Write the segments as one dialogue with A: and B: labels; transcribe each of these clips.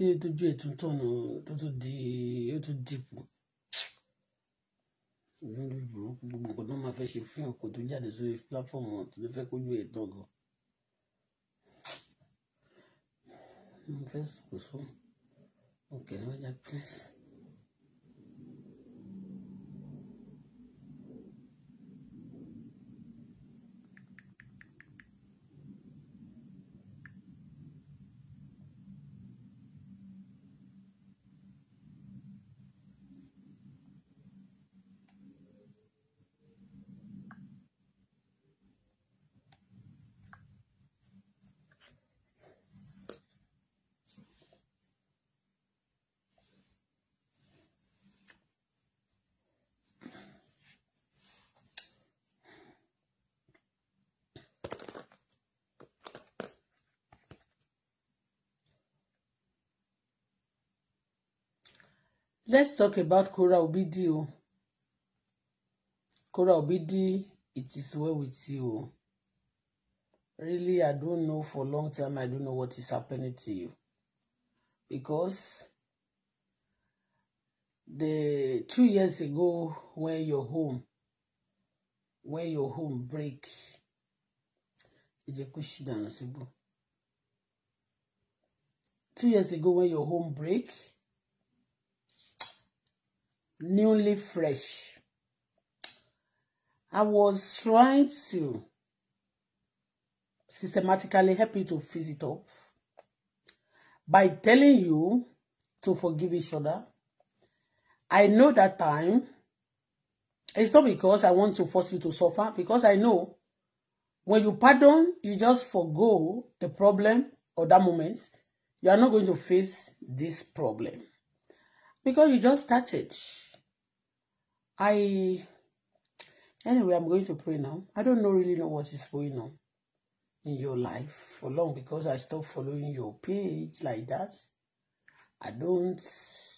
A: kí ló tójú ẹ̀ tún tọ̀nà tó tún di ó tún dìpù lórí burúkú gbogbo nǹkan tó máa fẹ́ ṣe fún ọkọ̀ tó jáde sórí pílátọ́ọ̀mù tó lè fẹ́ kójú ẹ̀ tán gan. mo fẹ́ sọ̀kò sóhun òkè lọ́jà prince. Let's talk about Kora Obidi o. Kora Obidi, it is well with you Really, I don't know for a long time, I don't know what is happening to you. Because the two years ago when your home when your home break two years ago when your home break newly fresh. I was trying to systematically help you to fix it up by telling you to forgive each other. I know that time. It's not because I want to force you to suffer, because I know when you pardon, you just forgo the problem or that moment. You are not going to face this problem because you just started. I anyway, I'm going to pray now. I don't know really know what is going on in your life for long because I stopped following your page like that. I don't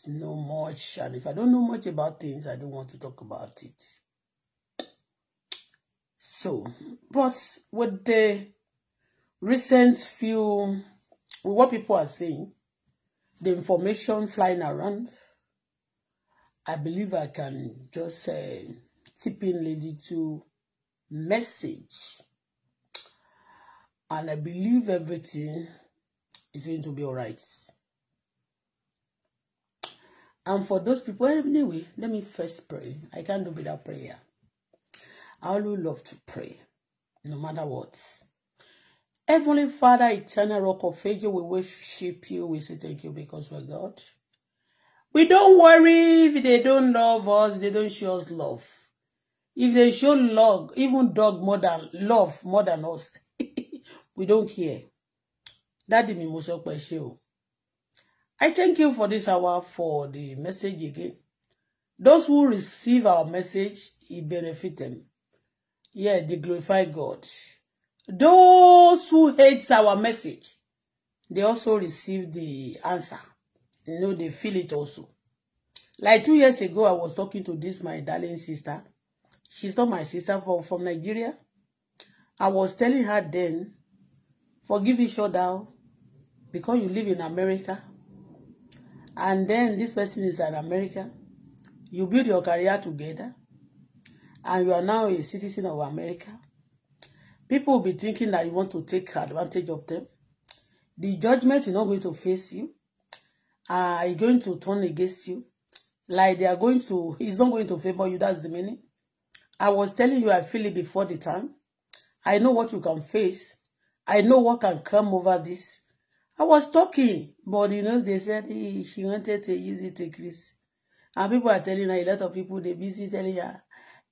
A: know much, and if I don't know much about things, I don't want to talk about it. So, but with the recent few, what people are saying, the information flying around, I believe I can just uh, tip in Lady to message. And I believe everything is going to be all right. And for those people, anyway, let me first pray. I can't do without prayer. I always love to pray, no matter what. Heavenly Father, eternal rock of ages, we worship you. We say thank you because we're God. We don't worry if they don't love us, they don't show us love. If they show love, even dog more than love more than us, we don't care. That mi mo sọ pé ṣé o. I thank you for this hour for the message again. Those who receive our message, it benefit them. Yeah, they glorify God. Those who hate our message, they also receive the answer you know they feel it also like two years ago i was talking to this my darling sister she's not my sister from from nigeria i was telling her then forgive each other because you live in america and then this person is an american you build your career together and you are now a citizen of america people will be thinking that you want to take advantage of them the judgment is not going to face you are uh, going to turn against you. Like they are going to, it's not going to favor you. That's the meaning. I was telling you I feel it before the time. I know what you can face. I know what can come over this. I was talking, but you know, they said hey, she wanted to use it to Chris. And people are telling her, a lot of people, they busy telling her,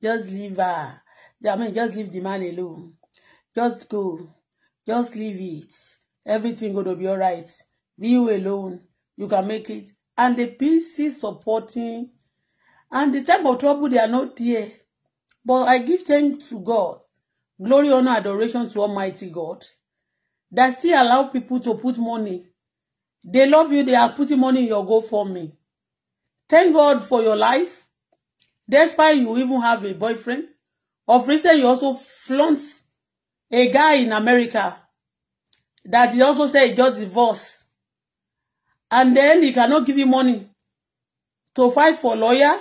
A: just leave her. I mean, just leave the man alone. Just go. Just leave it. Everything gonna be all right. Be you alone you can make it. And the PC supporting, and the time of trouble, they are not there. But I give thanks to God, glory, honor, adoration to Almighty God, that still allow people to put money. They love you, they are putting money in your me. Thank God for your life. Despite you even have a boyfriend. Of recent, you also flaunt a guy in America that he also said he just divorced and then he cannot give you money to fight for lawyer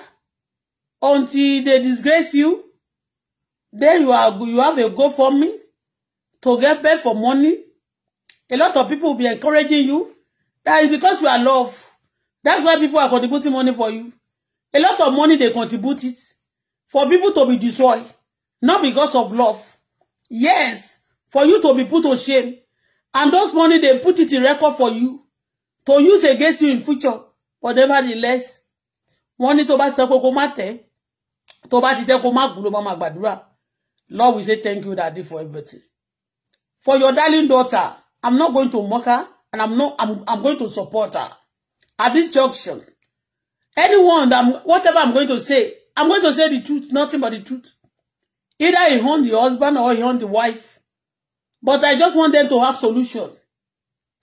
A: until they disgrace you then you are you have a go for me to get paid for money a lot of people will be encouraging you that is because you are love that's why people are contributing money for you a lot of money they contribute it for people to be destroyed not because of love yes for you to be put to shame and those money they put it in record for you to use against you in future but nevertheless wọ́n ní tó bá ti sọ pé kó má tẹ́ tó bá ti tẹ́ kó má gùn ló má má Lord we say thank you daddy for everything for your darling daughter I'm not going to mock her and I'm not I'm, I'm going to support her at this junction anyone that whatever I'm going to say I'm going to say the truth nothing but the truth either he own the husband or he own the wife but I just want them to have solution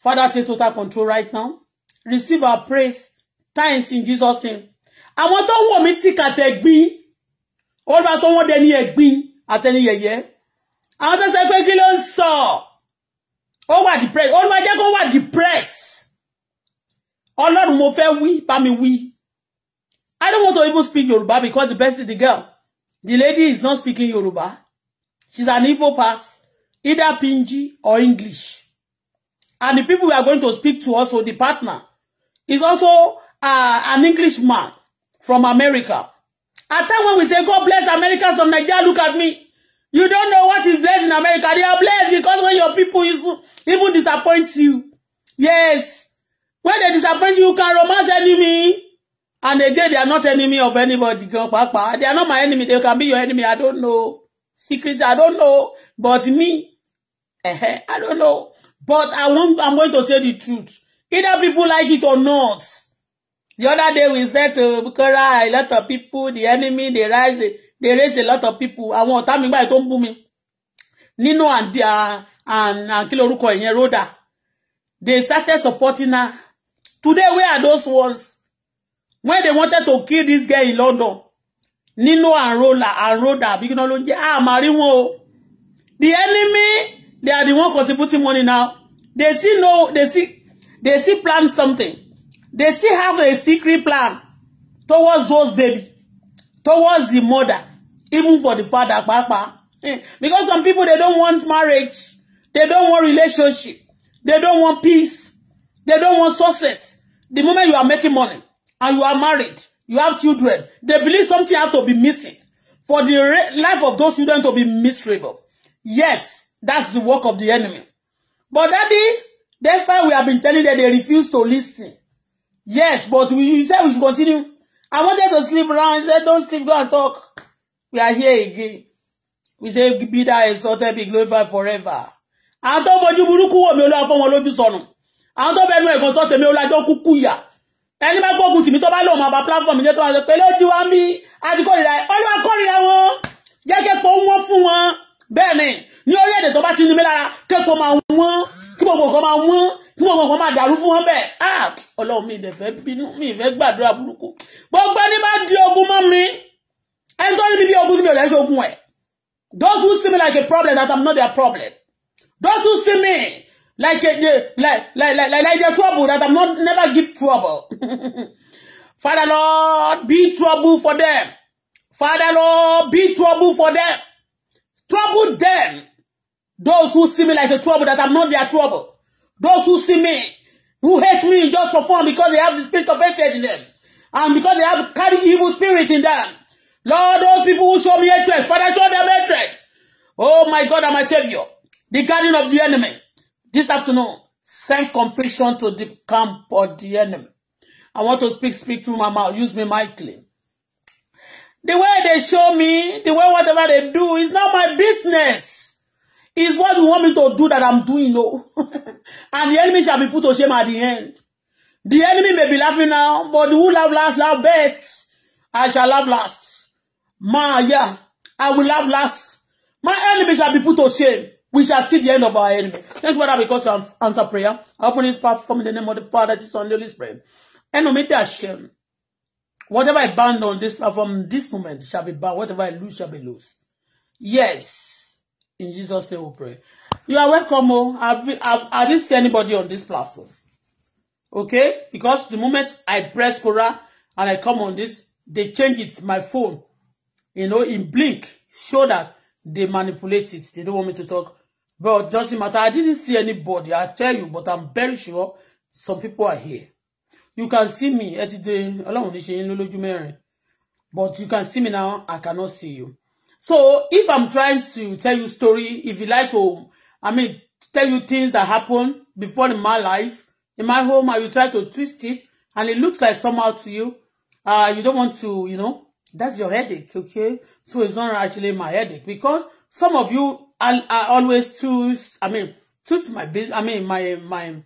A: Father, take total control right now. Receive our praise. Thanks in Jesus' name. I want to Àwọn tó wọ̀ mí tí kàtẹ́gbín. Olúwa sọ wọ́n dẹni ẹ̀gbín àtẹni yẹ̀yẹ́. Àwọn tó sọ pé kí ló ń sọ? Ó wà depressed. Olúwa jẹ́ kó wà depressed. Ọlọ́run mo fẹ́ We, but me, we. I don't want to even speak Yoruba because the best is the girl, the lady is not speaking Yoruba. She's an evil part, either Pinji or English. And the people we are going to speak to also, the partner, is also uh, an Englishman from America. At time when we say, God bless America, some Nigeria look at me. You don't know what is blessed in America. They are blessed because when your people is, even disappoint you. Yes. When they disappoint you, you can romance enemy. And again, they are not enemy of anybody. They are not my enemy. They can be your enemy. I don't know. secrets. I don't know. But me, I don't know. But I want, I'm going to say the truth. Either people like it or not. The other day we said to Bukara, a lot of people, the enemy, they rise, they raise a lot of people. Àwọn ọ̀tá mi báyìí tó don't bú me. Nino and their, and, and kí lorúkọ ìyẹn They started supporting her. Today, where are those ones? When they wanted to kill this guy in London. Nino and Rola, and Rhoda, Because kí náà ló ah, màrí The enemy They are the one contributing money now. They still know, they see. they see plan something. They still have a secret plan towards those baby, towards the mother, even for the father, papa. Eh, because some people, they don't want marriage. They don't want relationship. They don't want peace. They don't want success. The moment you are making money and you are married, you have children, they believe something has to be missing for the life of those children to be miserable. Yes, That's the work of the enemy. But daddy, that's why we have been telling them they refuse to listen. Yes, but we you said we should continue. I wanted to sleep around. He said, don't sleep, go and talk. We are here again. We say, be that exalted, be glorified forever. Àwọn tó fojú burúkú wò mí olúwa fọ́ wọn lójú sọnù. Àwọn tó bẹnu ẹ̀gàn sọ tèmi olájọ́ kúkú yà. Ẹni bá gbógun tìmí tó bá lòun máa ba platform jẹ́ tó máa sọ pé lójú wa ń bí àti kórìíra ẹ̀. Olúwa kórìíra wọn. Jẹ́ kí epo wọn fún wọn bẹ́ẹ̀ ni ní orílẹ̀-èdè tó bá ti ní mi kẹ́kọ̀ọ́ máa wọ́n kí gbogbo nǹkan máa wọ́n kí gbogbo nǹkan máa dàrú fún wọn bẹ́ẹ̀ ah ọlọ́run mi ìdẹ̀fẹ́ bínú mi ìfẹ́ gbàdúrà burúkú gbogbo ẹni bá di ogun mọ́ mi ẹni tó ní mi ogun ní mi ogun ẹ̀ those who see me like a problem that I'm not their problem those who see me like a like like like like their trouble that I'm not never give trouble Father Lord be trouble for them Father Lord be trouble for them. Trouble them. Those who see me like a trouble that I'm not their trouble. Those who see me, who hate me just for fun because they have the spirit of hatred in them. And because they have carry evil spirit in them. Lord, those people who show me hatred, Father, show them hatred. Oh my God, and my Savior, the guardian of the enemy. This afternoon, send confusion to the camp of the enemy. I want to speak, speak through my mouth. Use me mightily. The way they show me, the way whatever they do, is not my business. It's what you want me to do that I'm doing, though. and the enemy shall be put to shame at the end. The enemy may be laughing now, but who laugh last, laugh best. I shall laugh last. Ma, yeah, I will laugh last. My enemy shall be put to shame. We shall see the end of our enemy. Thank you, for that because you answer prayer. open this platform in the name of the Father, the Son, the Holy Spirit. Enemy, that shame. Whatever I bound on this platform this moment shall be bound. Whatever I lose shall be lost. Yes. In Jesus' name we pray. You are welcome. Oh. I've, I've, I didn't see anybody on this platform. Okay? Because the moment I press Cora and I come on this, they change it, my phone. You know, in blink, show that they manipulate it. They don't want me to talk. But doesn't matter. I didn't see anybody. I tell you, but I'm very sure some people are here you can see me every day dé ọlọ́run ní ṣe yín but you can see me now I cannot see you so if I'm trying to tell you story if you like oh I mean tell you things that happen before in my life in my home I will try to twist it and it looks like somehow to you uh you don't want to you know that's your headache okay so it's not actually my headache because some of you are, are always choose I mean twist my business I mean my my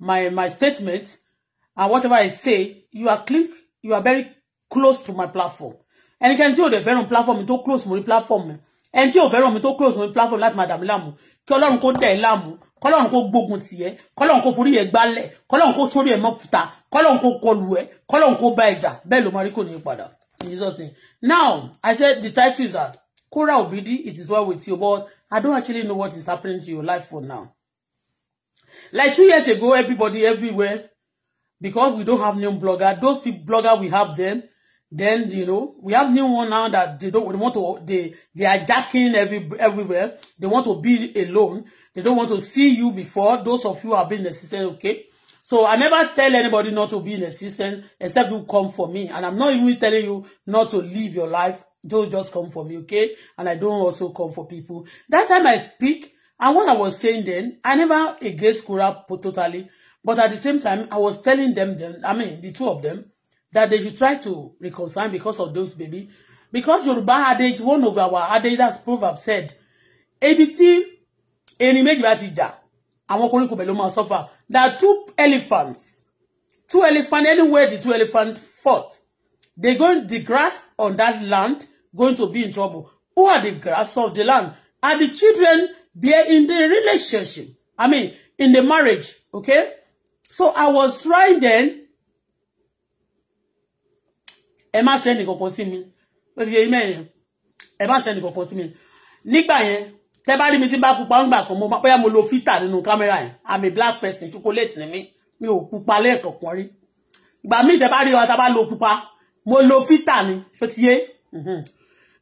A: my my statements and whatever I say you are click you are very close to my platform and you can ò the fẹ́ràn platform mi tó close mo rí platform and ẹni tí ò fẹ́ràn close mo rí platform Like máa Lamu, láàmú kí ọlọ́run Lamu, dẹ̀ láàmú kọ́lọ́run kó gbógun tiẹ̀ kọ́lọ́run kó forí ẹ̀ gbálẹ̀ kọ́lọ́run kó sórí ẹ̀ mọ́kúta kọ́lọ́run kó kọlù ẹ̀ kọ́lọ́run kó bá ẹ̀jà bẹ́ẹ̀ ló máa Jesus name now I said the title is that Kora Obidi it is well with you but I don't actually know what is happening to your life for now like two years ago everybody everywhere because we don't have new blogger. Those people blogger we have them. Then you know we have new one now that they don't they want to they they are jacking every everywhere. They want to be alone. They don't want to see you before. Those of you have been assistant, okay? So I never tell anybody not to be an assistant except you come for me. And I'm not even telling you not to live your life. Don't just come for me, okay? And I don't also come for people. That time I speak, and what I was saying then, I never against Kura totally. But at the same time, I was telling them, them I mean, the two of them, that they should try to reconcile because of those baby. Because Yoruba adage, one of our adage that's proverb said, ABT, ẹni méjì bá ti jà, àwọn koríko bẹ̀ ló máa suffer. There are two elephants. Two elephants, anywhere the two elephants fought, they going, the grass on that land going to be in trouble. Who are the grass of the land? Are the children be in the relationship? I mean, in the marriage, okay? so i was trying then ẹ má sẹ́ni kankan sí mi ó ti yẹ imẹ́ yẹn ẹ má sẹ́ni kankan sí mi nígbà yẹn tẹ́ bá rí mi tí n bá pupa ń gbà kan mo bóyá mo lo fítà nínú kámẹ́rà yẹn i'm a black person chocolate ni mí mi ò pupa lẹ́ẹ̀kọ̀kan rí ìgbà míì tẹ́ bá rí wa tá bá lo pupa mo lo fítà ni ṣó ti yé mhm.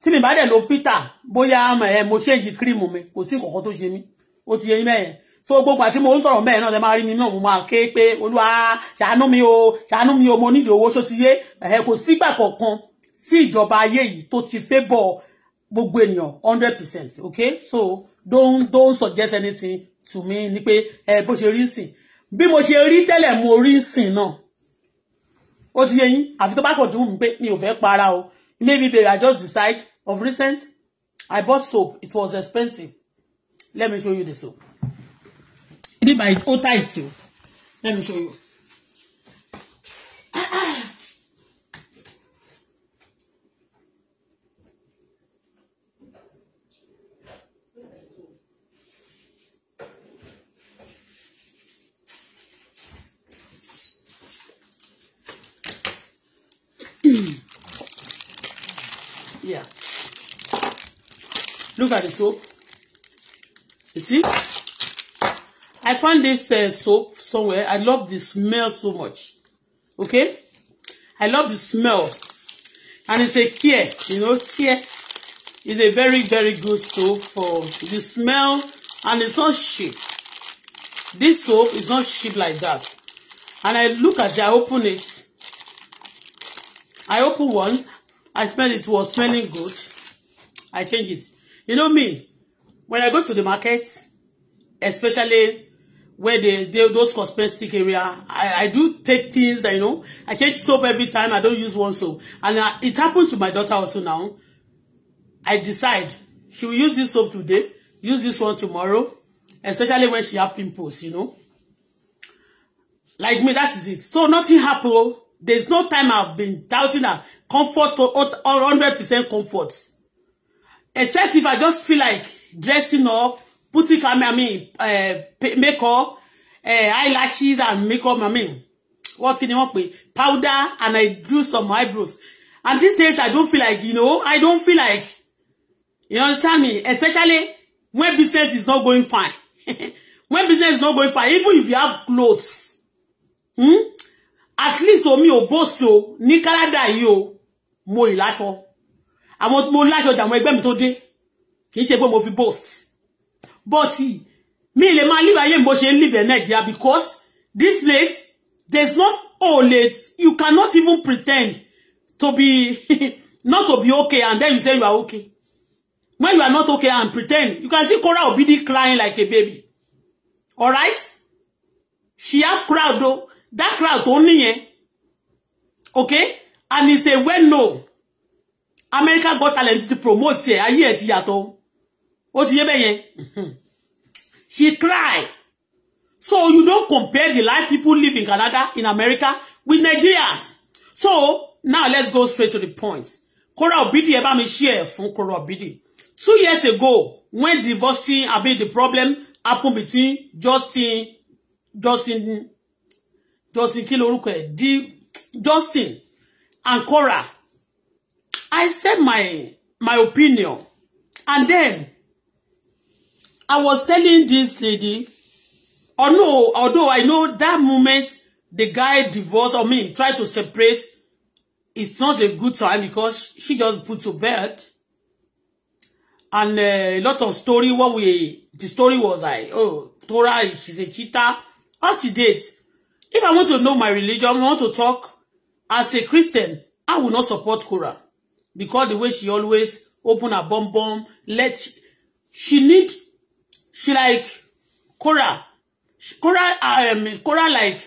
A: tí mi bá dẹ̀ lo fítà bóyá eh, mo ṣéǹjì kírìmù mi kò sí nǹkan kan tó ṣe mí ó ti yẹ imẹ́ yẹn so gbogbo àti mo ń sọ̀rọ̀ bẹ́ẹ̀ náà lè máa rí mi náà mo máa ké pé olúwa ṣàánú mi o ṣàánú mi o mo nídìí owó ṣó ti yé ẹ̀ kò sígbà kọ̀ọ̀kan sí ìjọba ayé yìí tó ti favour gbogbo ènìyàn hundred percent okay so don't don't suggest anything to me ni pé ẹ bó ṣe rí sìn bí mo ṣe rí tẹ́lẹ̀ mo rí sìn náà ó ti yẹ yín àfi tó bá kọ̀ tó mí pé mi ò fẹ́ para o maybe they are just decide of recent I bought soap it was expensive let me show you the soap Be by ó tight o let me show you. yeah look at the soap you see I found this uh, soap somewhere. I love the smell so much. Okay? I love the smell. And it's a care, you know, care is a very, very good soap for the smell and it's not cheap. This soap is not cheap like that. And I look at it, I open it. I open one, I smell it, it was smelling good. I change it. You know me, when I go to the market, especially where they, they those cosmetic area I, I do take things you know I change soap every time I don't use one soap and I, uh, it happened to my daughter also now I decide she will use this soap today use this one tomorrow especially when she have pimples you know like me that is it so nothing happened. Oh. there's no time I've been doubting her comfort or 100% comfort except if I just feel like dressing up boutique, I ah, mean, I mean uh, makeup, uh, eyelashes and makeup, I mean, what can you want with? Powder and I drew some eyebrows. And these days, I don't feel like, you know, I don't feel like, you understand me? Especially when business is not going fine. when business is not going fine, even if you have clothes, hmm? at least for me, boast boss, ní Canada yìí more mo ìlàṣọ àwọn mo láṣọ jàwọn ẹgbẹ́ mi tó dé kì í ṣe pé mo fi boast but me lè man live ayé bó ṣe live in Nigeria because this place there's not all it you cannot even pretend to be not to be okay and then you say you are okay when you are not okay and pretend you can see Kora Obidi crying like a baby all right she have crowd though that crowd only eh. okay and he say, well no, America Got Talent to promote ẹ ayé ẹ ti yàtọ̀ ó ti yé bẹ́yẹn she cry so you don't compare the life people live in Canada in America with Nigerians so now let's go straight to the point Kora Obidi ẹ bá mi share fún Kora Obidi two years ago when divorcing abi the problem happened between Justin Justin Justin kí lorúkọ di Justin and Kora I said my my opinion and then I was telling this lady, no, although I know that moment the guy divorced or me tried to separate, it's not a good time because she just put to bed. And uh, a lot of story, what we, the story was like, oh, Torah, she's a cheater. How to date. If I want to know my religion, I want to talk, as a Christian, I will not support Korah. Because the way she always open her bum bum, Let's she, she need she like Cora Cora um, Cora like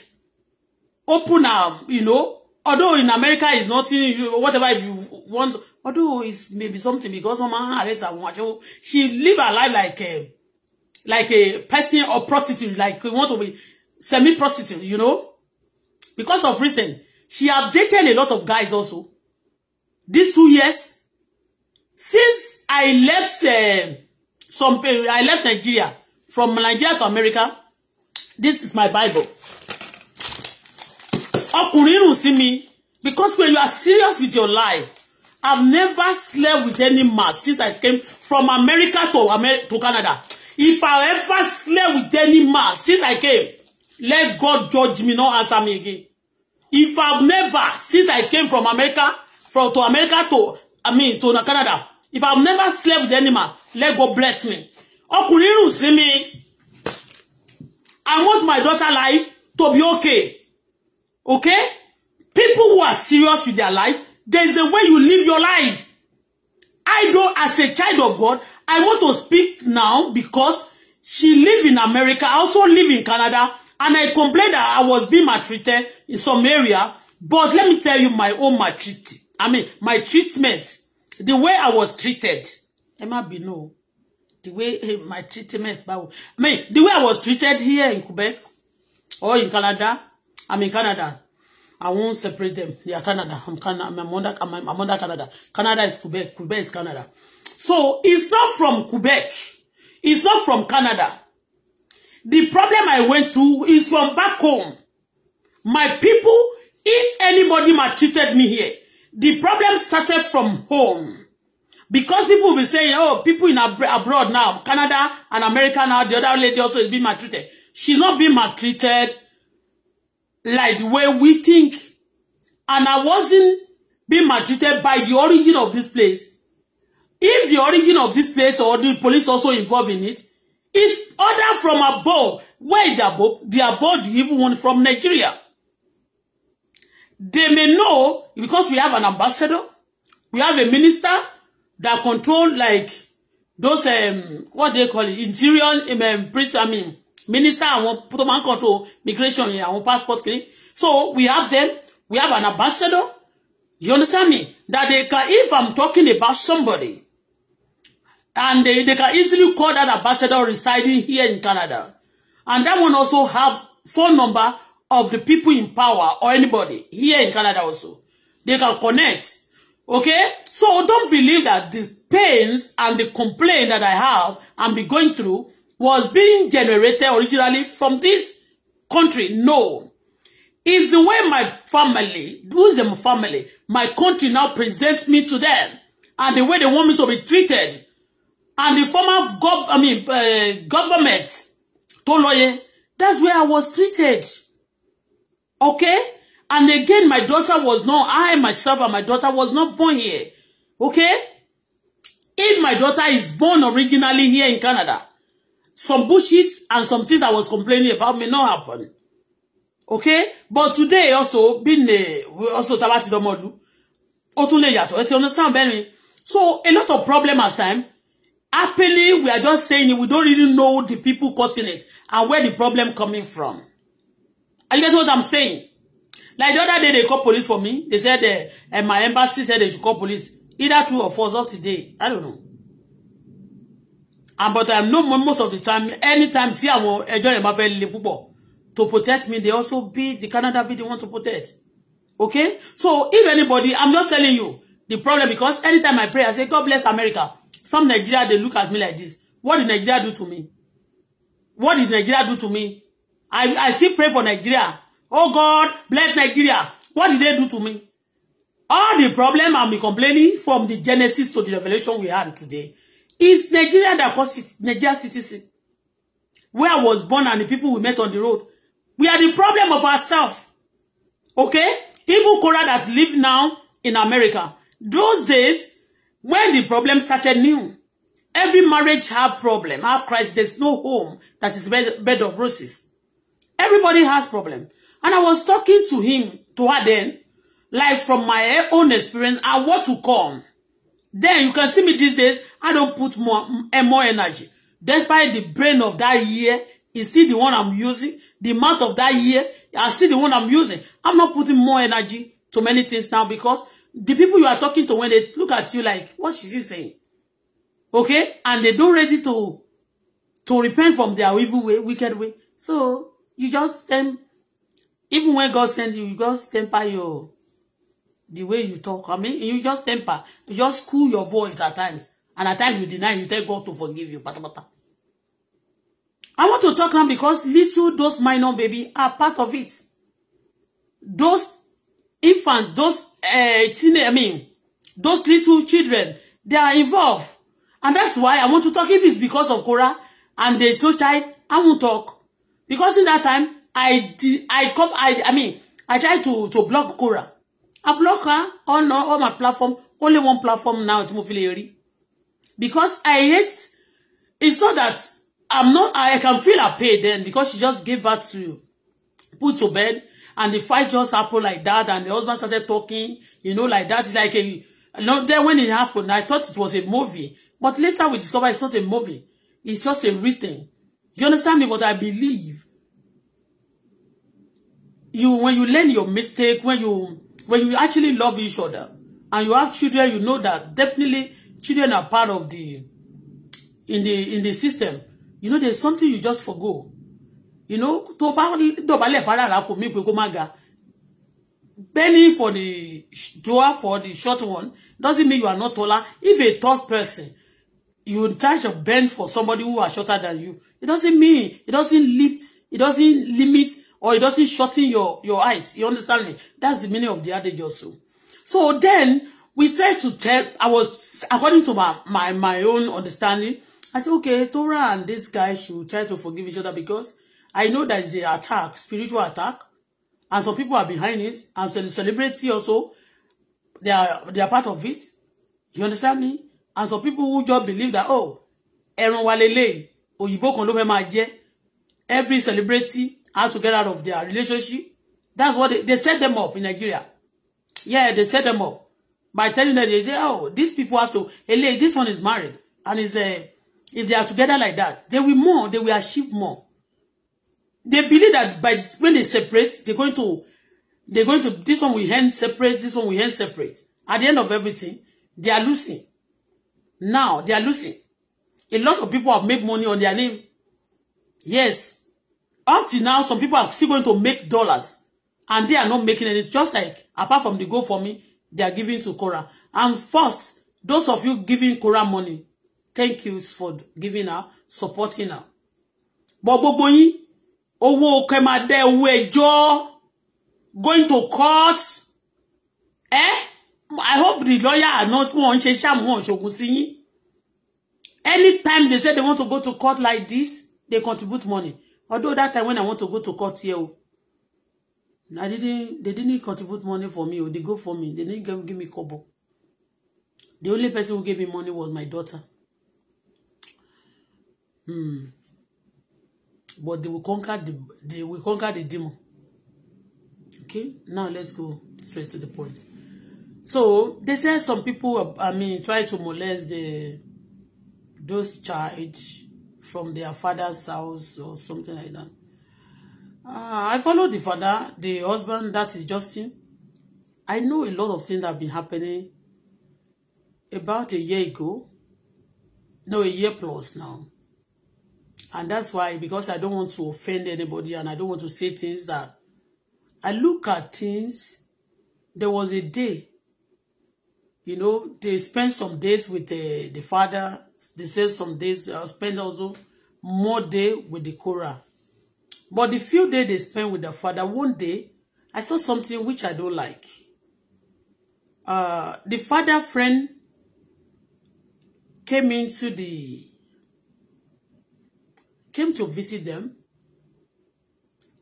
A: open up, you know although in America is nothing you, whatever if you want although it's maybe something because one man arrest her woman she live her life like a like a person or prostitute like you want to be semi prostitute you know because of reason she have dated a lot of guys also these two years since I left. Uh, some I left Nigeria from Nigeria to America. This is my Bible. Ọkùnrin rùn sí mi because when you are serious with your life, I've never slept with any man since I came from America to Amer to Canada. If I ever slept with any man since I came, let God judge me, not answer me again. If I've never, since I came from America, from to America to, I mean, to Canada, if I've never slept with any man, let God bless me ọkùnrin rùn sí mi I want my daughter life to be okay okay people who are serious with their life there's a way you live your life I know as a child of God I want to speak now because she live in America I also live in Canada and I complained that I was being maltreated in some area but let me tell you my own maltreat I mean my treatment the way I was treated ẹ má bínú o the way eh, my treatment báwo me. the way i was treated here in Quebec or in Canada i'm in Canada i won't separate them they are Canada i'm Canada i'm under i'm, I'm Canada Canada is Quebec Quebec is Canada so it's not from Quebec it's not from Canada the problem i went to is from back home my people if anybody maltreated me here the problem started from home Because people will be saying, oh, people in ab abroad now, Canada and America now, the other lady also is being maltreated. She's not being maltreated like the way we think. And I wasn't being maltreated by the origin of this place. If the origin of this place or the police also involved in it, is order from above. Where is the above? The above, the evil one from Nigeria. They may know, because we have an ambassador, we have a minister, that control like those um, what they call it interior um, um priest I mean minister àwọn put them ń control migration yẹn àwọn passport kìíní so we have them we have an ambassador you understand me that they can if I'm talking about somebody and they, they can easily call that ambassador residing here in Canada and that one also have phone number of the people in power or anybody here in Canada also they can connect Okay? So don't believe that the pains and the complaint that I have and be going through was being generated originally from this country. No. It's the way my family, who's my family, my country now presents me to them and the way they want me to be treated. And the former gov I mean, uh, government, told lawyer that's where I was treated. Okay? And again, my daughter was not, I myself and my daughter was not born here. Okay? If my daughter is born originally here in Canada, some bullshit and some things I was complaining about may not happen. Okay? But today also, being a, also Tabati Domodu, Otunle Yato, you understand, Benny? So, a lot of problems as time. Happily, we are just saying it. We don't really know the people causing it and where the problem coming from. Are you guys what I'm saying? Like the other day, they called police for me. They said, uh, eh, and my embassy said they should call police. Either two or four, not today. I don't know. And but I'm um, not most of the time, anytime tí àwọn ẹjọ́ yẹn my fẹ́ le púpọ̀ to protect me, they also be the Canada be the one to protect. Okay? So if anybody, I'm just telling you the problem because anytime I pray, I say, God bless America. Some Nigeria, they look at me like this. What did Nigeria do to me? What did Nigeria do to me? I, I still pray for Nigeria. Oh God, bless Nigeria. What did they do to me? All the problem I'm complaining from the Genesis to the Revelation we had today is Nigeria that caused it, Nigeria citizen. Where I was born and the people we met on the road. We are the problem of ourselves. Okay? Even Korah that live now in America. Those days, when the problem started new, every marriage have problem, have crisis. There's no home that is bed, bed of roses. Everybody has problem. And I was talking to him, to her then, like from my own experience I want to come. Then you can see me these days, I don't put more, eh, more energy. Despite the brain of that year, you see the one I'm using. The mouth of that year, is see the one I'm using. I'm not putting more energy to many things now because the people you are talking to when they look at you like, what is she saying? Okay? And they don't ready to to repent from their evil way, wicked way. So you just tend Even when God sends you, you just temper your the way you talk. I mean, you just temper, you just cool your voice at times. And at times you deny, you tell God to forgive you. Pata, pata. I want to talk now because little, those minor baby are part of it. Those infants, those uh, teenage, I mean, those little children, they are involved. And that's why I want to talk. If it's because of Korah and the so child, I won't talk. Because in that time, I did I come I I mean I tried to to block Kora, I block her on all, all my platform. Only one platform now it's mo Because I hate it's not that I'm not I can feel her pain then because she just gave back to you, put to bed and the fight just happened like that and the husband started talking, you know, like that. It's like a no then when it happened, I thought it was a movie. But later we discover it's not a movie. It's just a written. You understand me? But I believe you when you learn your mistake when you when you actually love each other and you have children you know that definitely children are part of the in the in the system you know there's something you just forgo you know tó bá dọ̀bálẹ̀ farara kò mí pé kó má ga bending for the door for the short one doesn't mean you are not taller if a tall person you touch to bend for somebody who are shorter than you it doesn't mean it doesn't lift it doesn't limit or it doesn't shorten your your height you understand me that's the meaning of the adage also so then we try to tell i was according to my my, my own understanding i said okay Torah and this guy should try to forgive each other because i know that is a attack spiritual attack and some people are behind it and so the celebrity also they are they are part of it you understand me and some people who just believe that oh ẹran wa lele òyìnbó every celebrity how to get out of their relationship. That's what they, they set them up in Nigeria. Yeah, they set them up by telling them they say, oh, these people have to. Hey, this one is married, and is a. Uh, if they are together like that, they will more. They will achieve more. They believe that by when they separate, they're going to. They're going to. This one will end separate. This one will end separate. At the end of everything, they are losing. Now they are losing. A lot of people have made money on their name. Yes, until now some people are still going to make dollars and they are not making any just like apart from the go for me they are giving to Cora and first those of you giving Cora money thank you for giving her supporting her but gbogbo Owo owó kẹ́ máa going to court eh I hope the lawyer are not wọ́n ṣe sham wọ́n ṣògùn sí yín anytime they say they want to go to court like this they contribute money although that time when i want to go to court here o oh, i didn't they didn't contribute money for me o oh, they go for me they didn't give, give me kobo the only person who gave me money was my daughter hmm but they will conquer the they will conquer the demon okay now let's go straight to the point so they said some people i mean try to molest the those child from their father's house or something like that. Uh, I follow the father, the husband, that is Justin. I know a lot of things that have been happening about a year ago. No, a year plus now. And that's why, because I don't want to offend anybody and I don't want to say things that I look at things. There was a day you know, they spend some days with the, the father. They say some days, uh, spend also more day with the Korah. But the few days they spend with the father, one day, I saw something which I don't like. Uh, the father friend came into the, came to visit them.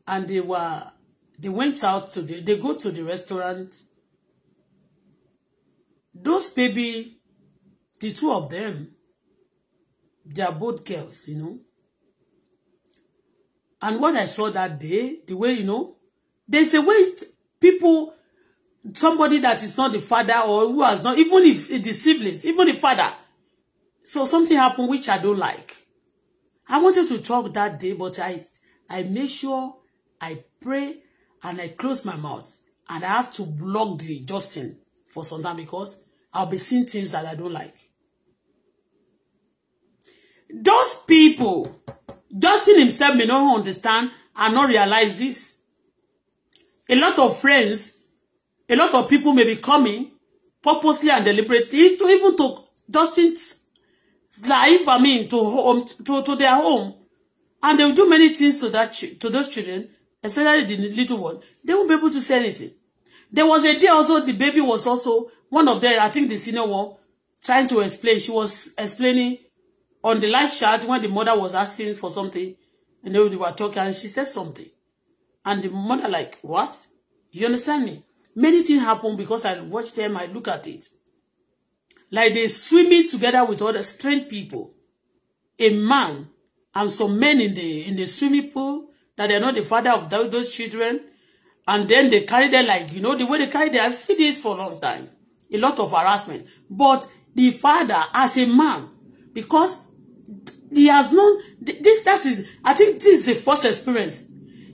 A: And they were, they went out to the, they go to the restaurant Those baby, the two of them, they are both girls, you know. And what I saw that day, the way, you know, there's a way people, somebody that is not the father or who has not, even if the siblings, even the father. So something happened which I don't like. I wanted to talk that day, but I, I made sure I pray and I close my mouth. And I have to block the Justin for some time because I'll be seeing things that I don't like. Those people, Justin himself may not understand and not realize this. A lot of friends, a lot of people may be coming purposely and deliberately to even to Justin's life, I mean, to home, to, to their home. And they will do many things to that to those children, especially the little one. They won't be able to say anything. There was a day also the baby was also one of them, I think the senior one, trying to explain, she was explaining on the live chat when the mother was asking for something, and they were talking, and she said something. And the mother like, what? You understand me? Many things happen because I watch them, I look at it. Like they swimming together with other strange people. A man and some men in the in the swimming pool that they're not the father of those children. And then they carry them like, you know, the way they carry them. I've seen this for a long time a lot of harassment but the father as a man because he has known this that is I think this is the first experience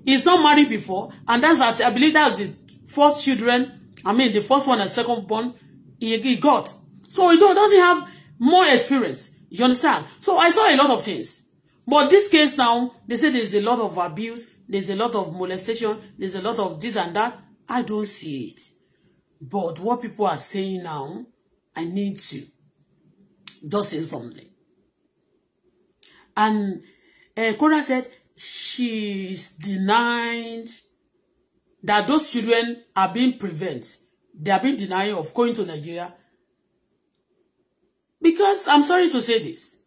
A: he's not married before and that's I believe that's the first children I mean the first one and second born he, he got so he don't, doesn't have more experience you understand so I saw a lot of things but this case now they say there's a lot of abuse there's a lot of molestation there's a lot of this and that I don't see it But what people are saying now, I need to just say something. And uh, eh, Cora said she's denied that those children are being prevented. They are being denied of going to Nigeria. Because I'm sorry to say this.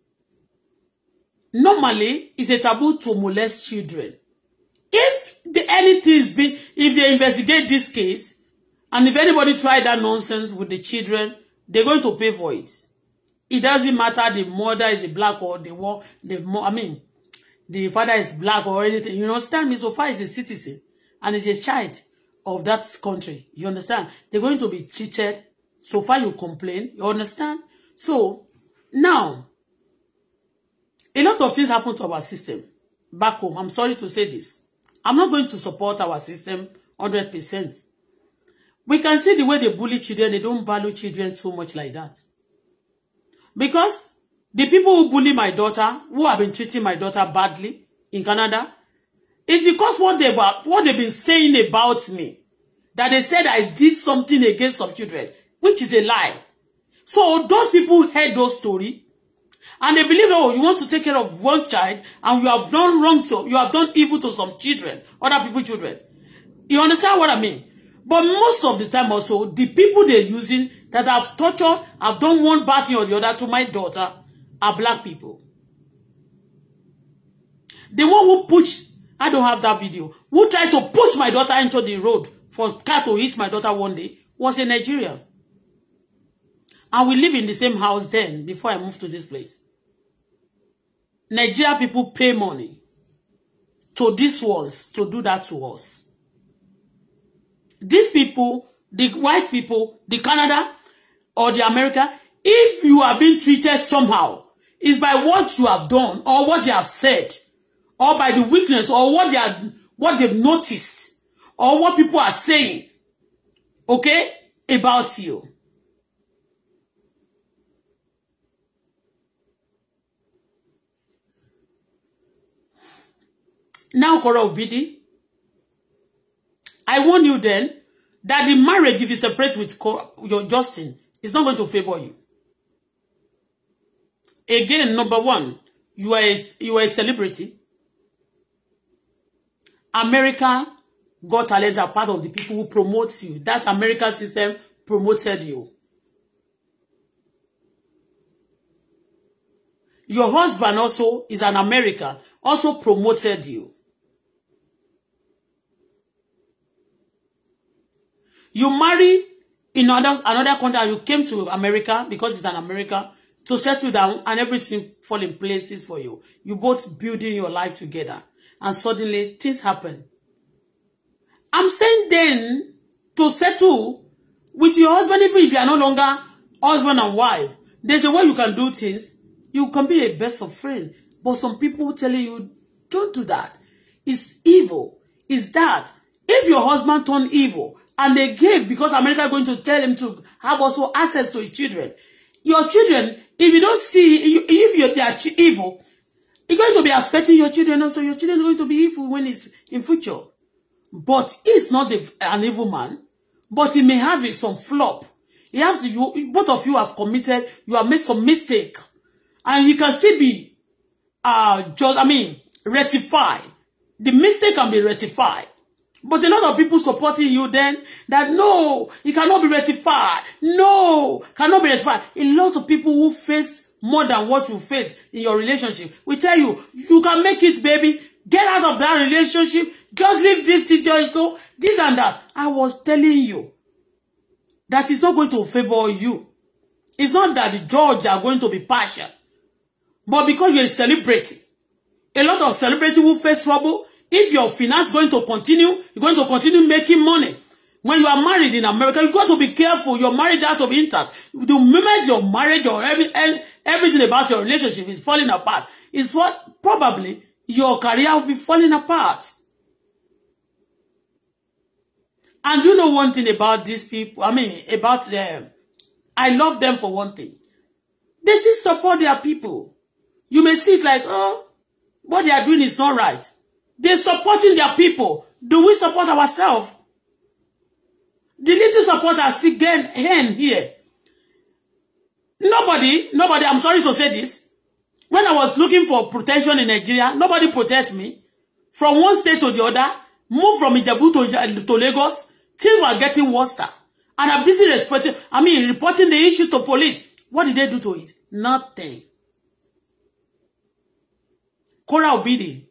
A: Normally, it's a taboo to molest children. If the anything is being, if they investigate this case, And if anybody try that nonsense with the children, they're going to pay for it. It doesn't matter the mother is a black or the war, the I mean, the father is black or anything. You understand me? So far, is a citizen and is a child of that country. You understand? They're going to be cheated. So far, you complain. You understand? So now, a lot of things happen to our system back home. I'm sorry to say this. I'm not going to support our system 100%. We can see the way they bully children, they don't value children too much like that. Because the people who bully my daughter, who have been treating my daughter badly in Canada, it's because what they've, what they've been saying about me, that they said I did something against some children, which is a lie. So those people heard those story, and they believe, oh, you want to take care of one child, and you have done wrong to, you have done evil to some children, other people children. You understand what I mean? But most of the time also, the people they're using that have tortured, have done one bad thing or the other to my daughter, are black people. The one who pushed I don't have that video, who tried to push my daughter into the road for car to hit my daughter one day, was in Nigeria, And we live in the same house then, before I moved to this place. Nigeria people pay money to these walls to do that to us these people, the white people, the Canada or the America, if you are being treated somehow, it's by what you have done or what they have said or by the weakness or what they are, what they've noticed or what people are saying, okay, about you. Now, Kora Obidi, I warn you then that the marriage, if you separate with your Justin, is not going to favor you. Again, number one, you are a, you are a celebrity. America, God talents are part of the people who promotes you. That American system promoted you. Your husband also is an American, also promoted you. You marry in another, another country and you came to America because it's an America to settle down and everything fall in places for you. You both building your life together and suddenly things happen. I'm saying then to settle with your husband even if you are no longer husband and wife. There's a way you can do things. You can be a best of friends, But some people telling you, don't do that. It's evil. Is that. If your husband turn evil, And they gave because America is going to tell him to have also access to his children. Your children, if you don't see, if you're, they are evil, it's going to be affecting your children So Your children are going to be evil when it's in future. But he's not the, an evil man. But he may have some flop. He has, you, both of you have committed, you have made some mistake. And you can still be, uh, just, I mean, rectified. The mistake can be rectified. But a lot of people supporting you then that no, it cannot be rectified. No, cannot be rectified. A lot of people who face more than what you face in your relationship will tell you, you can make it, baby. Get out of that relationship. Just leave this situation, this and that. I was telling you that it's not going to favor you. It's not that the judge are going to be partial. But because you're a celebrity, a lot of celebrities will face trouble If your finance going to continue, you're going to continue making money. When you are married in America, you got to be careful. Your marriage has to be intact. The moment your marriage or every, eh, everything about your relationship is falling apart, is what probably your career will be falling apart. And you know one thing about these people, I mean, about them. I love them for one thing. They still support their people. You may see it like, oh, what they are doing is not right. They supporting their people. Do we support ourselves? The little support I see hand here. Nobody, nobody, I'm sorry to say this. When I was looking for protection in Nigeria, nobody protect me. From one state to the other, move from Ijebu to, to Lagos, things were getting worse. And I'm busy respecting, I mean, reporting the issue to police. What did they do to it? Nothing. Kora Obidi,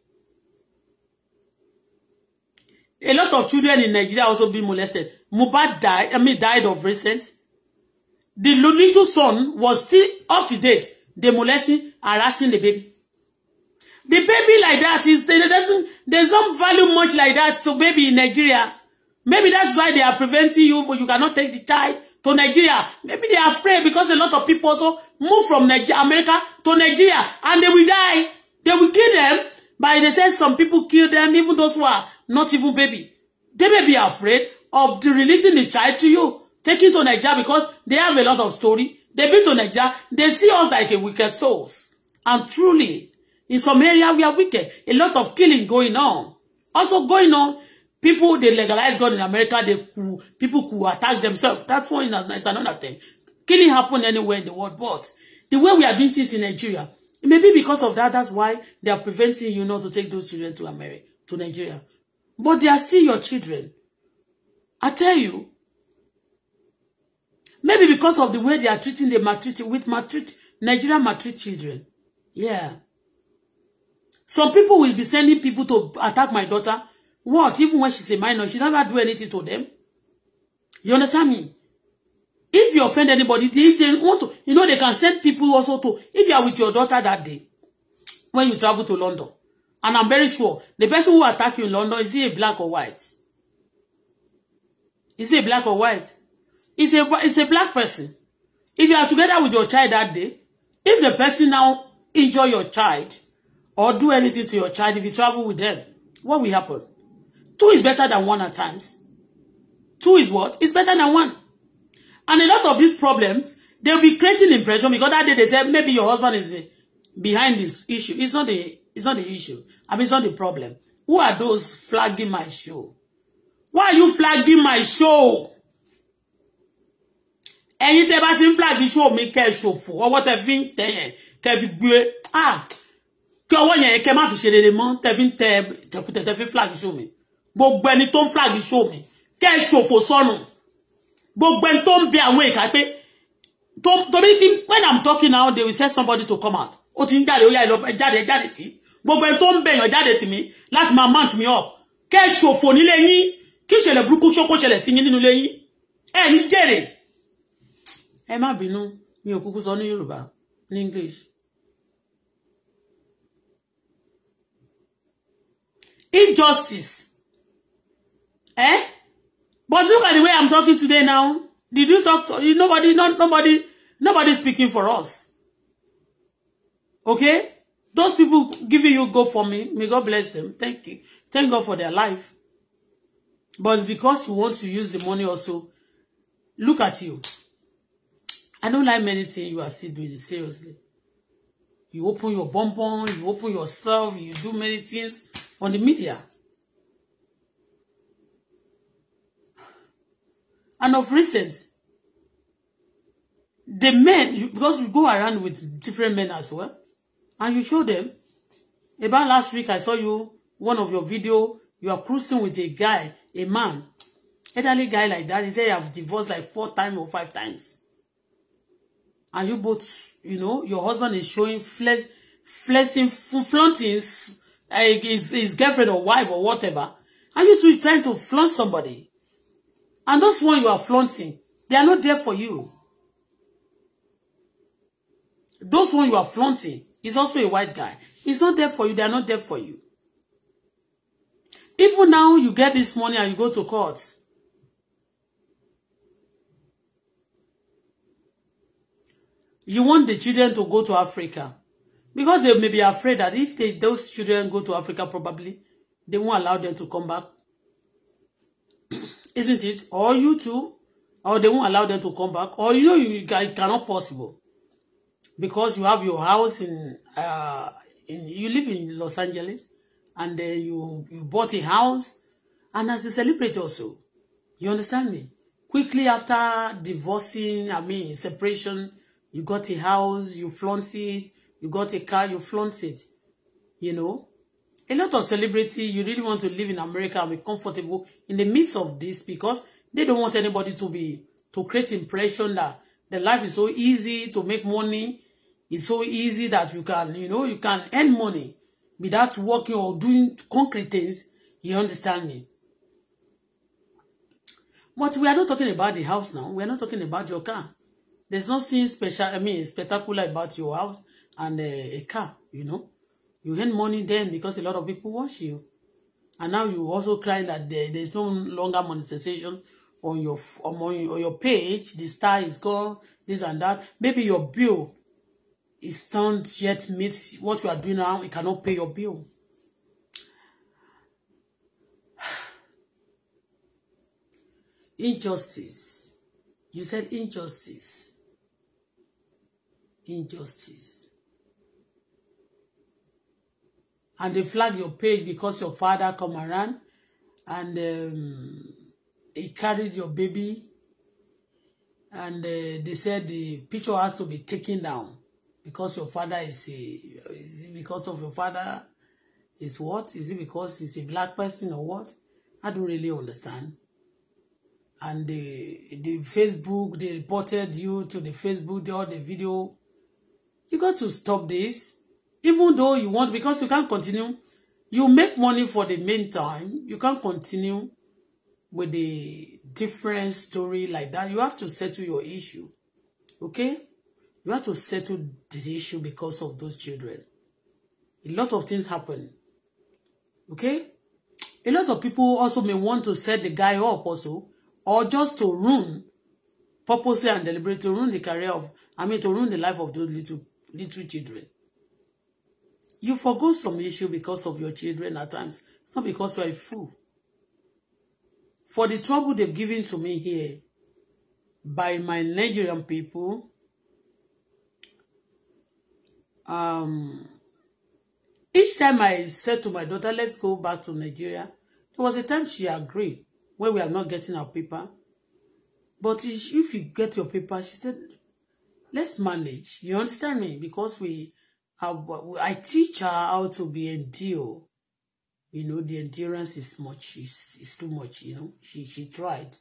A: a lot of children in Nigeria also been molested. Mubad died, I mean, died of recent. The little son was still up to date. They molesting, harassing the baby. The baby like that is doesn't there's no value much like that. So baby in Nigeria, maybe that's why they are preventing you, but you cannot take the child to Nigeria. Maybe they are afraid because a lot of people also move from Nigeria, America to Nigeria, and they will die. They will kill them. But they said some people kill them, even those who are not even baby. They may be afraid of the releasing the child to you, taking to Nigeria because they have a lot of story. They've been to Nigeria. They see us like a wicked souls. And truly, in some area we are wicked. A lot of killing going on. Also going on, people, they legalize gun in America. They could, people could attack themselves. That's one, it's another thing. Killing happen anywhere in the world. But the way we are doing things in Nigeria, maybe because of that, that's why they are preventing you not to take those children to America, to Nigeria. But they are still your children. I tell you. Maybe because of the way they are treating the maltreat with maltreat Nigerian maltreat children. Yeah. Some people will be sending people to attack my daughter. What? Even when she's a minor, she never do anything to them. You understand me? If you offend anybody, if they want to, you know, they can send people also to, if you are with your daughter that day, when you travel to London, And I'm very sure the person who attack you in London, is he a black or white? Is he a black or white? It's a, it's a black person. If you are together with your child that day, if the person now injure your child or do anything to your child, if you travel with them, what will happen? Two is better than one at times. Two is what? It's better than one. And a lot of these problems, they'll be creating impression because that day they said maybe your husband is behind this issue. It's not the It's not the issue. I mean, it's not the problem. Who are those flagging my show? Why are you flagging my show? Ẹ̀yin tẹ́ bá ti ń flag show mi kẹ́ ṣòfò ọwọ́ tẹ́ fi ń tẹ̀ yẹn kẹ́ fi ah kí ọwọ́ yẹn kẹ́ má fi ṣe rere mọ́ tẹ́ fi ń tẹ tẹkùtẹ flag show me. gbogbo ẹni tó ń flag show me, kẹ́ show for gbogbo ẹni tó ń bẹ àwọn ìka pé to to be when I'm talking now they will send somebody to come out ó ti ń jáde ó yá ìlọ jáde jáde tí gbogbo ẹni tó ń bẹ̀yàn jáde tì mí láti máa mount me up kẹ́ ẹ ṣòfò nílé yín kí ìṣẹ̀lẹ̀ burúkú ṣókó ṣẹlẹ̀ sí yín nínú ilé yín ẹ ní jèrè ẹ má bínú mi ò kúkú sọ ní Yorùbá ní English. injustice eh but look at the way I'm talking today now did you talk to nobody no, nobody nobody speaking for us okay Those people giving you go for me, may God bless them. Thank you. Thank God for their life. But it's because you want to use the money also. Look at you. I don't like many things you are still doing, seriously. You open your bonbon, you open yourself, you do many things on the media. And of recent, the men, because you go around with different men as well, and you show them about last week i saw you one of your video you are cruising with a guy a man elderly guy like that he said you have divorced like four times or five times and you both you know your husband is showing flex flexing flaunting like his, his girlfriend or wife or whatever and you two trying to flaunt somebody and those one you are flaunting they are not there for you those one you are flaunting He's also a white guy. He's not there for you. They are not there for you. Even now, you get this money and you go to court. You want the children to go to Africa. Because they may be afraid that if they, those children go to Africa, probably, they won't allow them to come back. Isn't it? Or you too. Or they won't allow them to come back. Or you know, you, it cannot possible because you have your house in uh in you live in Los Angeles and then you you bought a house and as a celebrity also you understand me quickly after divorcing I mean separation you got a house you flaunt it you got a car you flaunt it you know a lot of celebrity you really want to live in America and be comfortable in the midst of this because they don't want anybody to be to create impression that the life is so easy to make money It's so easy that you can, you know, you can earn money without working or doing concrete things. You understand me? But we are not talking about the house now. We are not talking about your car. There's nothing special, I mean, spectacular about your house and uh, a car, you know. You earn money then because a lot of people watch you. And now you also cry that there, there's no longer monetization on your on your, on your page. The star is gone, this and that. Maybe your bill is turned yet meets what you are doing now, it cannot pay your bill. injustice. You said injustice. Injustice. And they flag your page because your father come around and um, he carried your baby and uh, they said the picture has to be taken down because your father is a is it because of your father is what is it because he's a black person or what I don't really understand and the the Facebook they reported you to the Facebook they all the video you got to stop this even though you want because you can't continue you make money for the meantime you can't continue with the different story like that you have to settle your issue okay You have to settle this issue because of those children. A lot of things happen. Okay? A lot of people also may want to set the guy up also, or just to ruin, purposely and deliberately to ruin the career of, I mean, to ruin the life of those little, little children. You forgo some issue because of your children at times. It's not because you're a fool. For the trouble they've given to me here, by my Nigerian people, um, each time I said to my daughter, let's go back to Nigeria, there was a time she agreed when we are not getting our paper. But if you get your paper, she said, let's manage. You understand me? Because we, have. I teach her how to be endure. You know, the endurance is much, is, is too much, you know. She, she tried.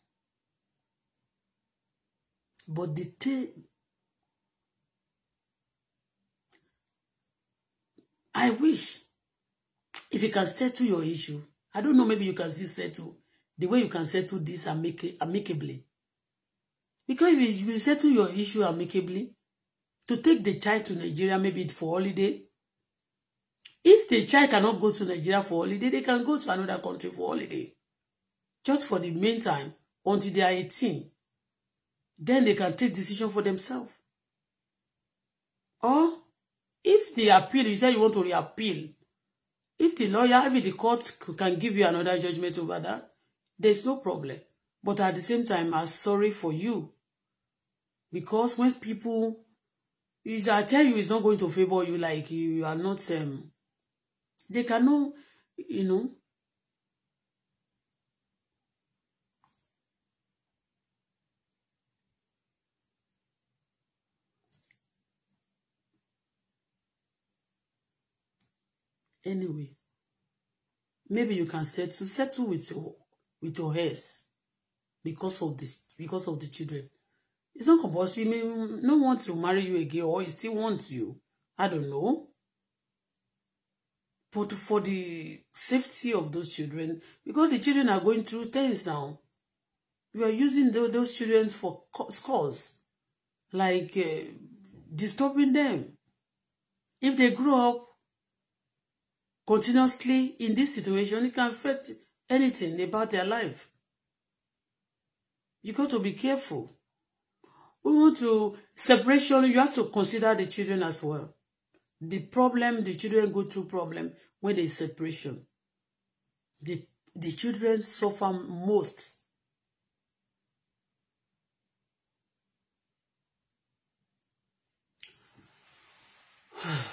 A: But the thing. I wish if you can settle your issue, I don't know, maybe you can still settle the way you can settle this amic amicably. Because if you settle your issue amicably, to take the child to Nigeria, maybe for holiday, if the child cannot go to Nigeria for holiday, they can go to another country for holiday. Just for the meantime, until they are 18, then they can take decision for themselves. Or if they appeal, you say you want to reappeal. If the lawyer, if the court can give you another judgment over that, there's no problem. But at the same time, I'm sorry for you. Because when people, is I tell you, it's not going to favor you like you, you are not, um, they cannot, you know, anyway maybe you can settle settle with your with your heirs because of this because of the children it's not compulsory you may no want to marry you again or he still wants you i don't know but for the safety of those children because the children are going through things now you are using the, those children for scores like uh, disturbing them if they grow up continuously in this situation, it can affect anything about their life. You got to be careful. We want to separation, you have to consider the children as well. The problem the children go through problem when they separation. The the children suffer most.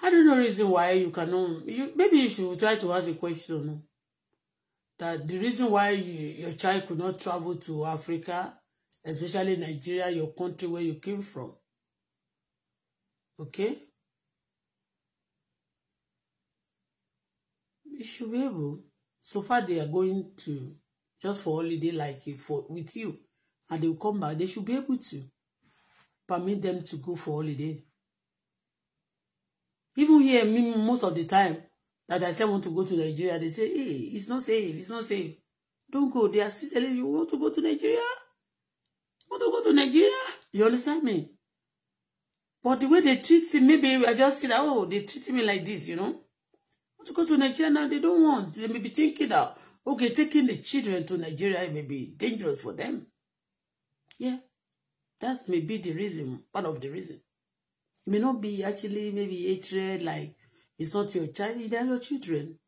A: I don't know reason why you cannot. You, maybe you should try to ask a question. That the reason why you, your child could not travel to Africa, especially Nigeria, your country where you came from. Okay? You should be able. So far, they are going to just for holiday, like for with you, and they will come back. They should be able to permit them to go for holiday. Even here, me, most of the time that I say I want to go to Nigeria, they say, hey, it's not safe, it's not safe. Don't go. They are still telling you, want to go to Nigeria? Want to go to Nigeria? You understand me? But the way they treat me, maybe I just see that, oh, they treat me like this, you know? Want to go to Nigeria now? They don't want. They may be thinking that, okay, taking the children to Nigeria may be dangerous for them. Yeah. that's maybe the reason, part of the reason may not be actually maybe hatred, like it's not your child, they are your children.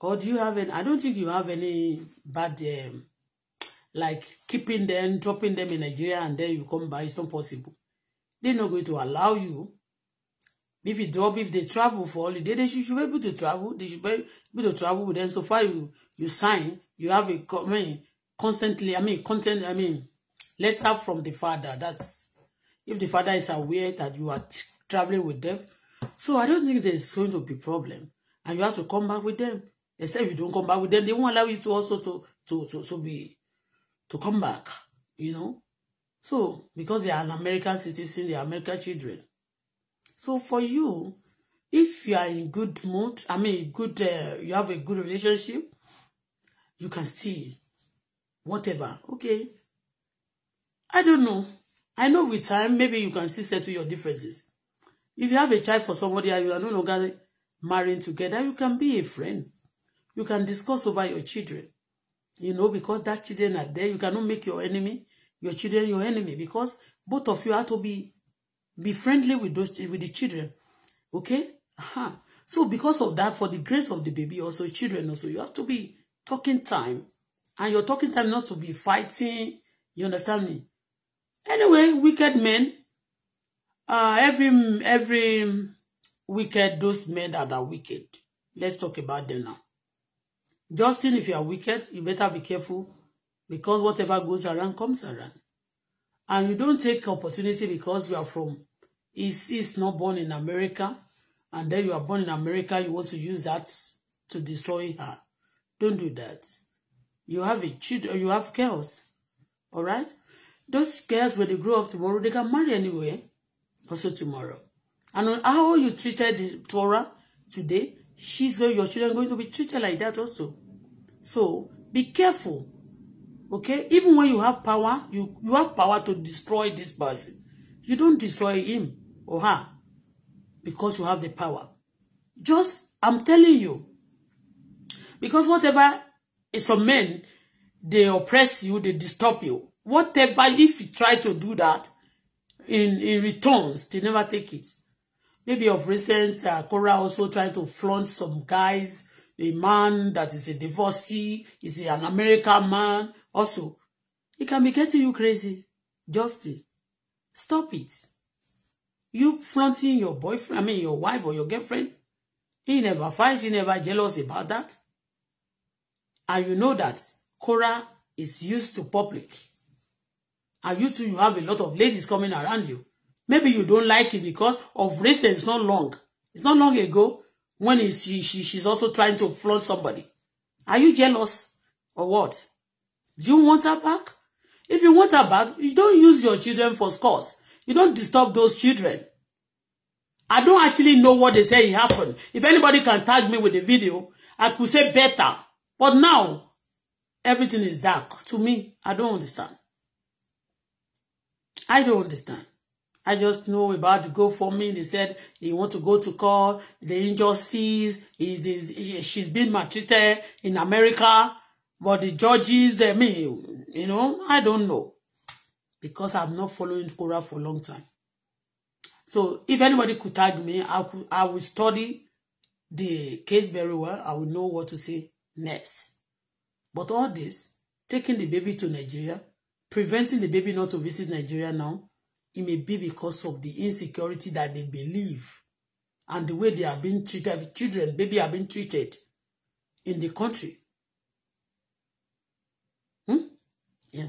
A: Or do you have any, I don't think you have any bad, um, like keeping them, dropping them in Nigeria and then you come back, it's not possible. They're not going to allow you. If you drop, if they travel for holiday, they should, should be able to travel. They should be able to travel with them. So far, you, you sign, you have a, I mean, constantly, I mean, content, I mean, letter from the father. That's if the father is aware that you are traveling with them. So I don't think there's going to be problem. And you have to come back with them. Except if you don't come back with them, they won't allow you to also to to to, to be to come back, you know. So because they are an American citizen, they are American children. So for you, if you are in good mood, I mean good uh, you have a good relationship, you can still whatever. Okay. I don't know. I know with time, maybe you can still settle your differences. If you have a child for somebody and you are no longer marrying together, you can be a friend. You can discuss over your children. You know, because that children are there, you cannot make your enemy, your children your enemy, because both of you have to be be friendly with those with the children. Okay? Uh-huh. So because of that, for the grace of the baby, also children also, you have to be talking time. And your talking time not to be fighting. You understand me? Anyway, wicked men. Uh, every every wicked, those men that are wicked. Let's talk about them now. Justin, if you are wicked, you better be careful because whatever goes around comes around. And you don't take opportunity because you are from East, East, not born in America. And then you are born in America, you want to use that to destroy her. Don't do that. You have a child, you have girls. All right? Those girls, when they grow up tomorrow, they can marry anywhere, also tomorrow. And how you treated the Torah today, she's going, your children going to be treated like that also. So be careful. Okay? Even when you have power, you, you have power to destroy this person. You don't destroy him or her because you have the power. Just, I'm telling you. Because whatever, some men, they oppress you, they disturb you. Whatever, if you try to do that, in, in returns, they never take it. Maybe of recent, uh, Cora also tried to flaunt some guys, a man that is a divorcee, is an American man, also. It can be getting you crazy. Justice. Stop it. You flaunting your boyfriend, I mean your wife or your girlfriend, he never fights, he never jealous about that. And you know that Cora is used to public and you too you have a lot of ladies coming around you maybe you don't like it because of reason it's not long it's not long ago when he, she, she she's also trying to flood somebody are you jealous or what do you want her back if you want her back you don't use your children for scores you don't disturb those children I don't actually know what they say it happened. If anybody can tag me with the video, I could say better. But now, everything is dark to me. I don't understand. I don't understand. I just know about the go for me. They said he want to go to court. The injustice. is is she's been maltreated in America. But the judges, they me, you know, I don't know. Because I'm not following Quran for a long time. So if anybody could tag me, I, could, I will study the case very well. I will know what to say next. But all this, taking the baby to Nigeria, preventing the baby not to visit Nigeria now, it may be because of the insecurity that they believe and the way they are being treated, children, baby are being treated in the country. Hmm? Yeah.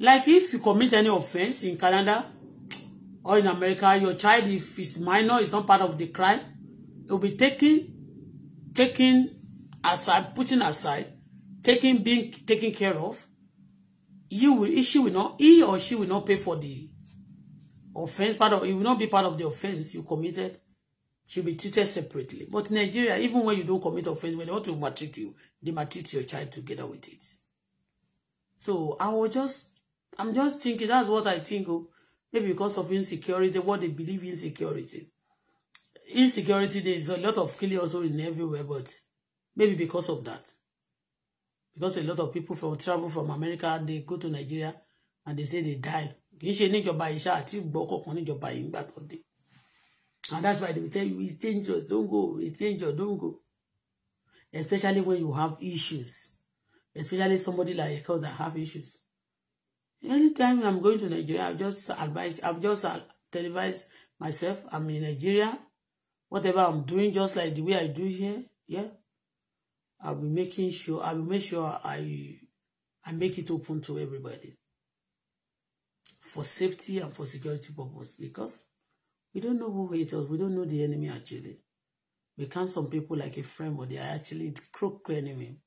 A: Like if you commit any offense in Canada or in America, your child, if it's minor, is not part of the crime, it will be taken taking aside, putting aside, taking being taken care of, you will she will not he or she will not pay for the offense part of it will not be part of the offense you committed. She'll be treated separately. But in Nigeria, even when you don't commit offense, when they want to maltreat you, they maltreat your child together with it. So I was just I'm just thinking that's what I think. Oh, maybe because of insecurity, what they believe in security insecurity there is a lot of killing also in everywhere but maybe because of that because a lot of people from travel from America they go to Nigeria and they say they die kì í ṣe níjọba iṣẹ àti gbọkọkan níjọba yìí ńgbà tó dé and that's why they will tell you it's dangerous don't go it's dangerous don't go especially when you have issues especially somebody like yourself that have issues anytime i'm going to Nigeria i've just advise i've just televised myself i'm in Nigeria whatever I'm doing, just like the way I do here, yeah, I'll be making sure, I'll make sure I, I make it open to everybody for safety and for security purpose because we don't know who it us. We don't know the enemy actually. We count some people like a friend, but they are actually the crook enemy.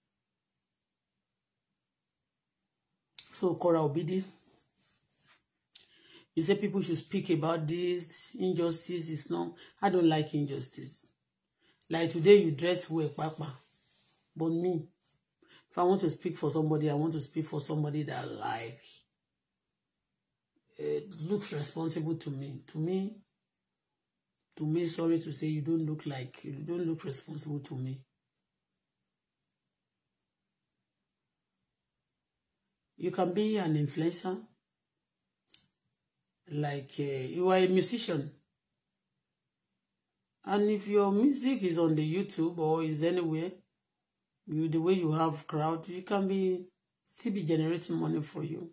A: So Cora Obidi, You say people should speak about this. Injustice is not. I don't like injustice. Like today, you dress well, Papa. But me, if I want to speak for somebody, I want to speak for somebody that like uh, eh, looks responsible to me. To me, to me, sorry to say, you don't look like you don't look responsible to me. You can be an influencer like uh, you are a musician and if your music is on the YouTube or is anywhere you the way you have crowd you can be still be generating money for you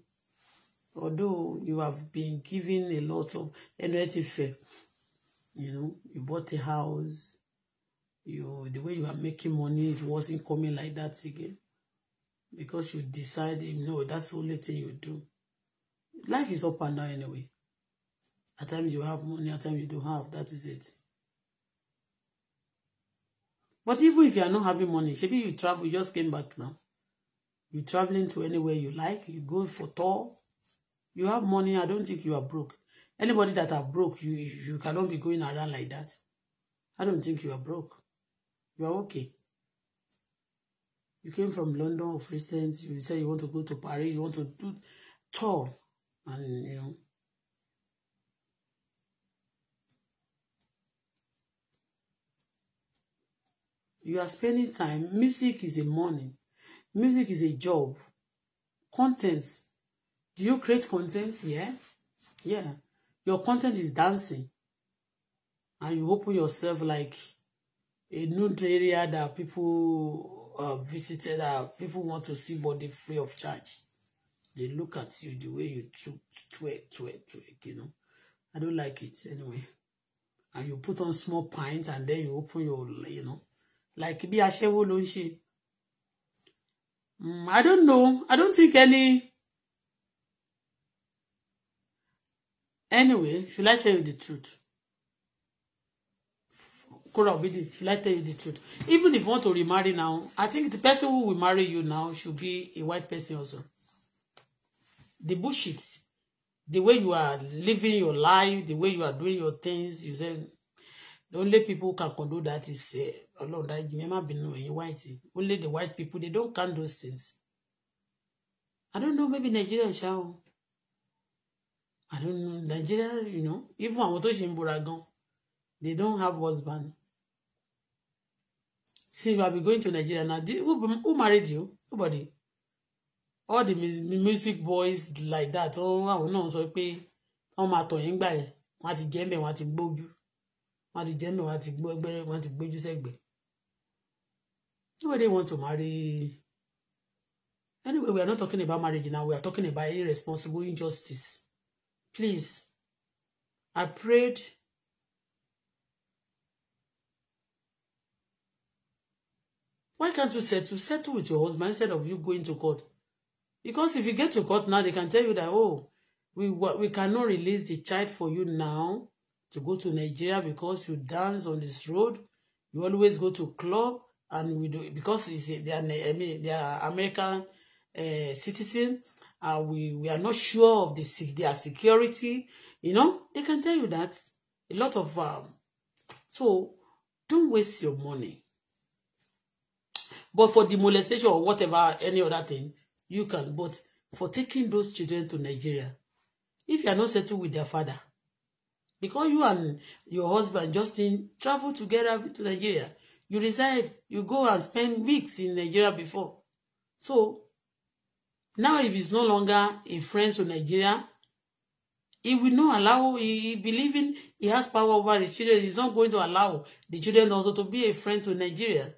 A: although you have been given a lot of energy fair you know you bought a house you the way you are making money it wasn't coming like that again because you decided no, that's the only thing you do life is up and down anyway At times you have money, at times you don't have. That is it. But even if you are not having money, maybe you travel, you just came back now. You're traveling to anywhere you like, you go for tour. You have money, I don't think you are broke. Anybody that are broke, you, you cannot be going around like that. I don't think you are broke. You are okay. You came from London, for instance, you say you want to go to Paris, you want to do tour, and you know, you are spending time music is a money music is a job content do you create content yeah yeah your content is dancing and you open yourself like a nude area that people uh, visited that people want to see body free of charge they look at you the way you twerk twerk twerk you know i don't like it anyway and you put on small pints and then you open your you know like bí aṣẹ́wó ló ń ṣe hmm, i don't know i don't think any anyway should i tell you the truth Kora Obidi should i tell you the truth even if you want to remarry now i think the person who will marry you now should be a white person also the bullshit the way you are living your life the way you are doing your things you say only people can do that is alone. That mi má bínú ẹ̀yin white only the white people they don't can those things i don't know maybe nigeria shall. i don't know nigeria you know even àwọn tó ṣe ń bora they don't have husband since I'll be going to nigeria na who, who married you nobody all the music boys like that Oh, I don't know. wọn pay. tọ̀yìn my yẹn by. What ti jẹ́ mbẹ́ wọn á ti wọn ti jẹ́ náà wọn ti gbọ́ gbẹ́rẹ́ wọn ti gbójú sẹ́gbẹ̀ẹ́ nobody want to marry anyway we are not talking about marriage now we are talking about irresponsible injustice please I prayed why can't you settle settle with your husband instead of you going to court because if you get to court now they can tell you that oh we we cannot release the child for you now to go to Nigeria because you dance on this road. You always go to club and we do because it's, they are I mean they are American uh, citizen. Uh, we we are not sure of the their security. You know they can tell you that a lot of um, so don't waste your money. But for the molestation or whatever any other thing you can. But for taking those children to Nigeria, if you are not settled with their father because you and your husband Justin travel together to Nigeria you reside you go and spend weeks in Nigeria before so now if he's no longer a friend to Nigeria he will not allow he believing he has power over his children he's not going to allow the children also to be a friend to Nigeria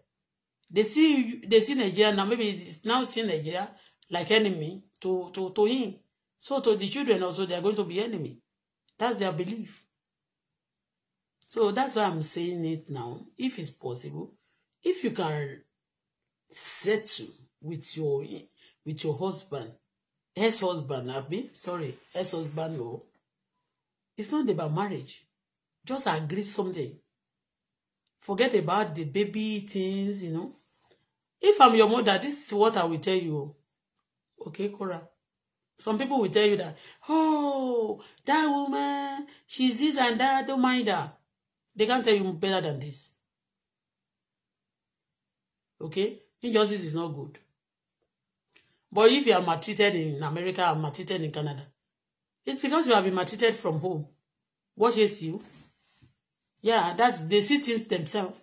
A: they see they see Nigeria now maybe it's now see Nigeria like enemy to to to him so to the children also they are going to be enemy that's their belief So that's why I'm saying it now. If it's possible, if you can settle with your with your husband, ex-husband, abi, sorry, ex-husband, no. It's not about marriage. Just agree something. Forget about the baby things, you know. If I'm your mother, this is what I will tell you. Okay, Cora. Some people will tell you that, oh, that woman, she's this and that, don't mind her. They can't tell you better than this. Okay? Injustice is not good. But if you are maltreated in America or maltreated in Canada, it's because you have been maltreated from home. What hates you? Yeah, that's they see things themselves.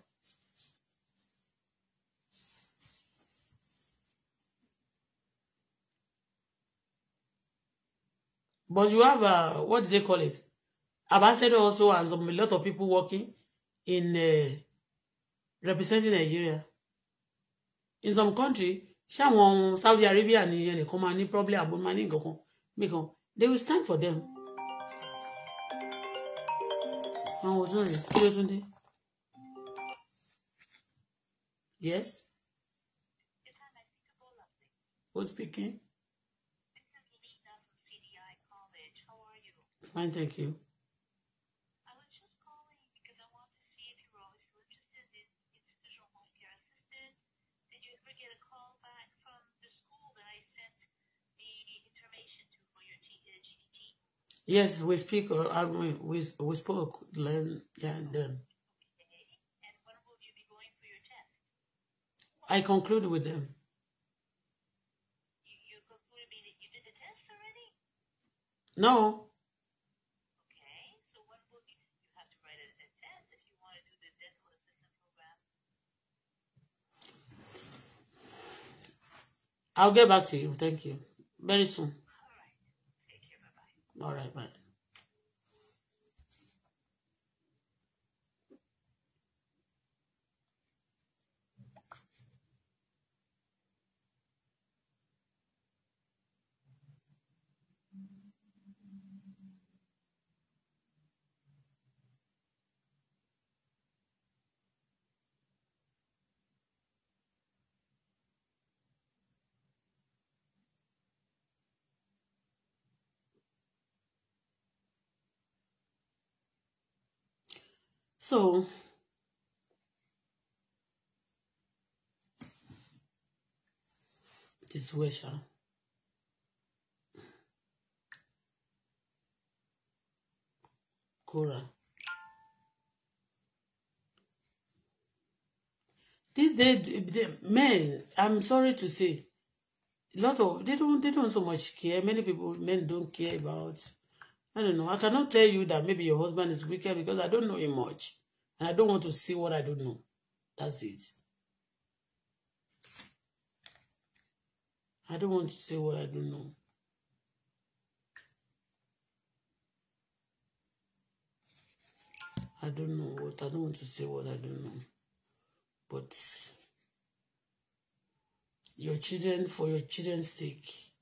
A: But you have a, uh, what do they call it? Ambassador also has a lot of people working in uh, representing Nigeria. In some country, ṣáwọn Saudi Arabia ni ẹnìkan probably ní problem àbò máa they will stand for them. Yes? Who's speaking? Fine, thank you. Yes, we speak. Uh, I mean, we we spoke. Learn, yeah, them. I conclude with them. You, you concluded that you did the test already? No. Okay, so what will you, you have to write a, a test if you want to do the dental assistant program? I'll get back to you. Thank you. Very soon. All right, bye. so this way sha Cora this day they, men I'm sorry to say a lot of they don't they don't so much care many people men don't care about I don't know I cannot tell you that maybe your husband is weaker because I don't know him much And I don't want to see what I don't know. That's it. I don't want to say what I don't know. I don't know what I don't want to say what I don't know. But your children, for your children's sake,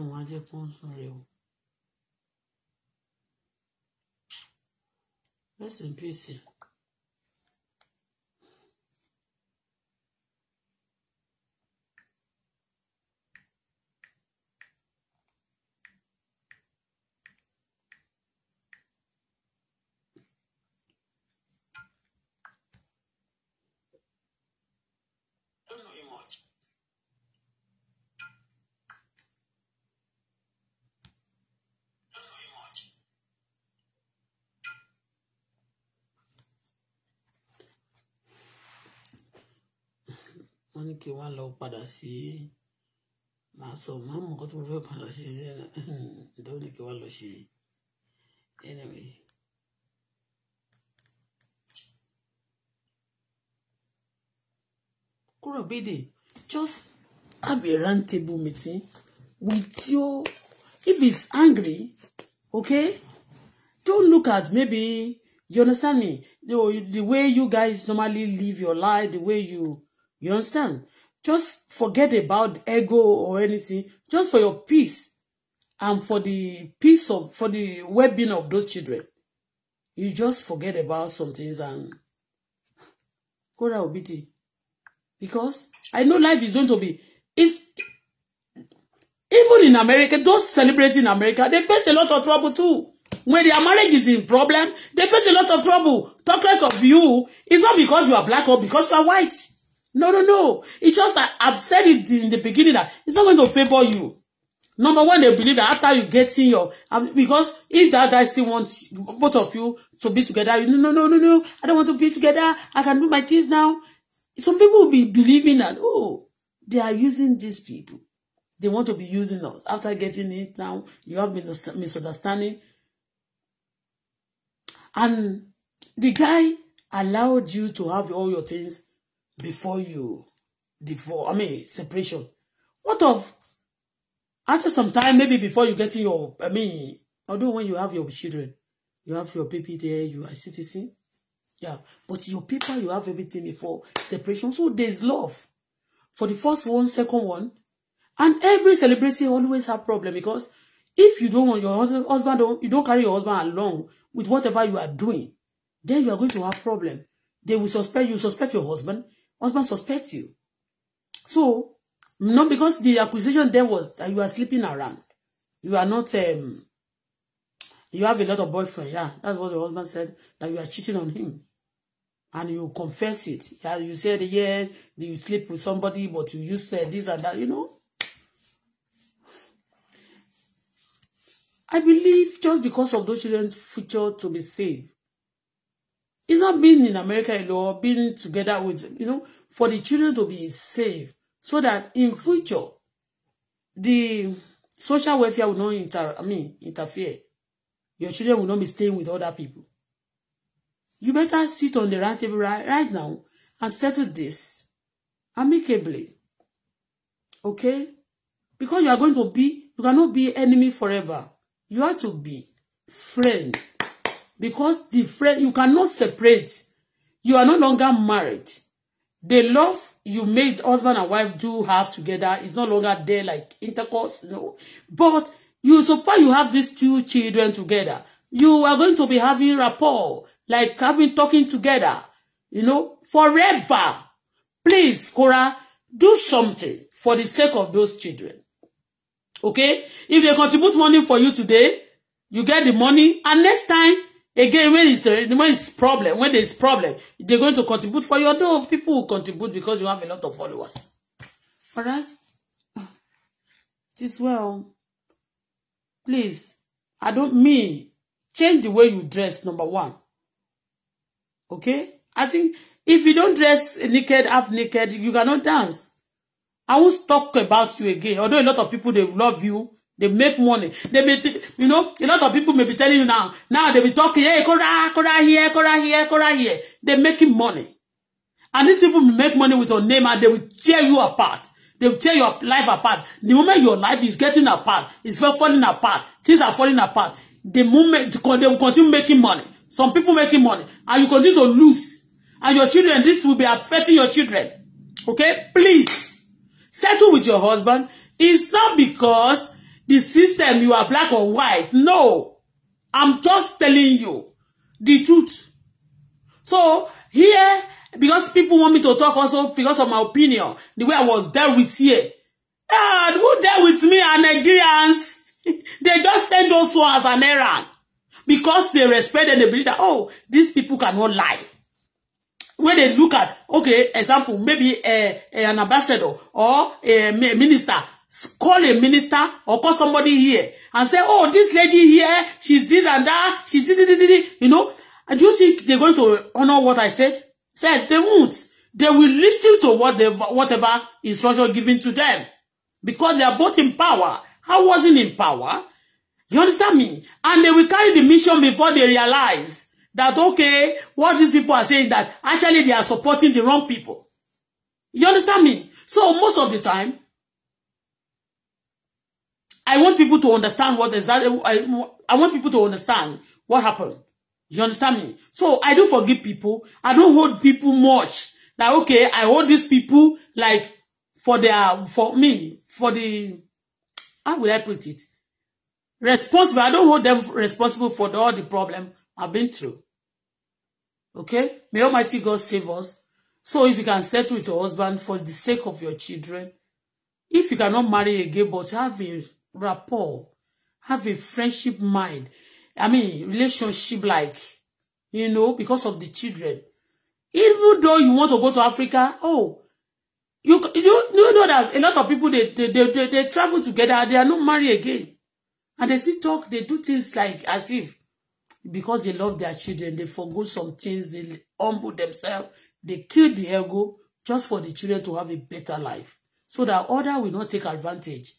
A: Ọlọ́run á jẹ́ kó sùn rẹ̀ o. Rest in peace. ní kí wọ́n lọ padà sí màá sọ màá mọ̀ nǹkan tí fẹ́ padà sí nítorí hmm, ní kí wọ́n lọ ṣe anyway. Kurobide just have a round table meeting with your. if he's angry okay don't look at maybe you understand me the, the way you guys normally live your life the way you. You understand? Just forget about ego or anything. Just for your peace and for the peace of, for the well-being of those children. You just forget about some things and Kora Obiti. Because I know life is going to be, it's, even in America, those celebrating in America, they face a lot of trouble too. When their marriage is in problem, they face a lot of trouble. Talk less of you. It's not because you are black or because you are white. No, no, no. It's just that I've said it in the beginning that it's not going to favor you. Number one, they believe that after you get in your um, because if that guy still wants both of you to be together, you no, no, no, no, I don't want to be together. I can do my things now. Some people will be believing that oh, they are using these people. They want to be using us. After getting it now, you have been misunderstanding. And the guy allowed you to have all your things before you before I mean separation. What of after some time, maybe before you get your I mean, although when you have your children, you have your people there, you are citizen. Yeah. But your paper, you have everything before separation. So there's love. For the first one, second one. And every celebrity always have problem because if you don't want your husband, husband don't, you don't carry your husband along with whatever you are doing, then you are going to have problem. They will suspect you suspect your husband Husband suspects you. So, not because the accusation there was that you are sleeping around. You are not, um, you have a lot of boyfriend. Yeah, that's what the husband said, that you are cheating on him. And you confess it. Yeah, you said, yeah, you sleep with somebody, but you used uh, this and that, you know. I believe just because of those children's future to be saved, It's not being in America or being together with, you know, for the children to be safe so that in future, the social welfare will not inter, I mean, interfere. Your children will not be staying with other people. You better sit on the round table right, right now and settle this amicably. Okay? Because you are going to be, you cannot be enemy forever. You have to be friend because the friend you cannot separate you are no longer married the love you made husband and wife do have together is no longer there like intercourse no but you so far you have these two children together you are going to be having rapport like having talking together you know forever please Cora, do something for the sake of those children okay if they contribute money for you today you get the money and next time Again, when it's uh, when it's problem, when there's problem, they're going to contribute for you. Although people will contribute because you have a lot of followers. All right. This well, please. I don't mean change the way you dress. Number one. Okay. I think if you don't dress naked, half naked, you cannot dance. I won't talk about you again. Although a lot of people they love you, They make money. They may, you know, a lot of people may be telling you now. Now they be talking, hey, Kora, Kora here, Kora here, Kora here. They making money. And these people make money with your name and they will tear you apart. They will tear your life apart. The moment your life is getting apart, it's falling apart, things are falling apart. The moment they will continue making money. Some people making money. And you continue to lose. And your children, this will be affecting your children. Okay? Please, settle with your husband. It's not because the system you are black or white no i'm just telling you the truth so here because people want me to talk also because of my opinion the way i was dealt with here and ah, who dealt with me are nigerians they just send those as an errand because they respect and they believe that oh these people cannot lie when they look at okay example maybe a, eh, eh, an ambassador or a eh, minister call a minister or call somebody here and say, oh, this lady here, she's this and that, she's this, this, this, this. You know, do you think they're going to honor what I said? Said they won't. They will listen to what whatever instruction given to them because they are both in power. I wasn't in power. You understand me? And they will carry the mission before they realize that, okay, what these people are saying that actually they are supporting the wrong people. You understand me? So most of the time, I want people to understand what exactly I, I want people to understand what happened. You understand me? So I do forgive people. I don't hold people much. Like okay, I hold these people like for their for me for the how would I put it? Responsible. I don't hold them responsible for the, all the problem I've been through. Okay? May Almighty God save us. So if you can settle with your husband for the sake of your children, if you cannot marry again but have a rapport, have a friendship mind. I mean, relationship like, you know, because of the children. Even though you want to go to Africa, oh, you you, you know that a lot of people, they, they, they, they, they travel together, they are not married again. And they still talk, they do things like as if, because they love their children, they forgo some things, they humble themselves, they kill the ego just for the children to have a better life. So that other will not take advantage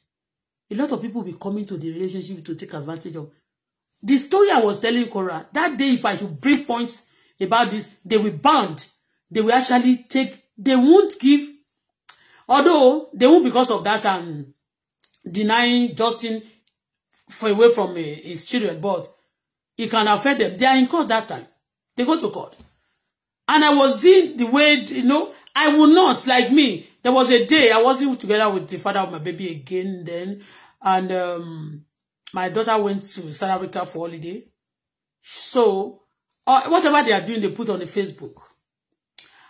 A: a lot of people will be coming to the relationship to take advantage of. The story I was telling Cora, that day if I should bring points about this, they will bound. They will actually take, they won't give, although they won't because of that um, denying Justin for away from uh, his children, but it can affect them. They are in court that time. They go to court. And I was doing the way, you know, I will not, like me, there was a day I wasn't together with the father of my baby again then, and um, my daughter went to South Africa for holiday. So, uh, whatever they are doing, they put on the Facebook.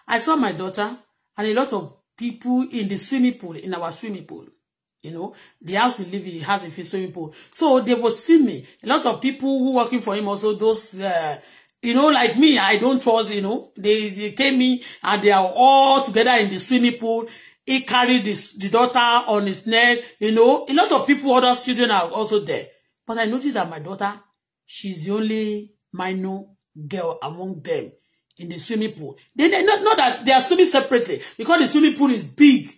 A: I saw my daughter and a lot of people in the swimming pool, in our swimming pool. You know, the house we live in has a swimming pool. So they will see me. A lot of people who working for him also, those uh, You know, like me, I don't trust, you know. They, they came in and they are all together in the swimming pool. He carried this, the daughter on his neck, you know. A lot of people, other children are also there. But I noticed that my daughter, she's the only minor girl among them in the swimming pool. They, they not, not that they are swimming separately because the swimming pool is big.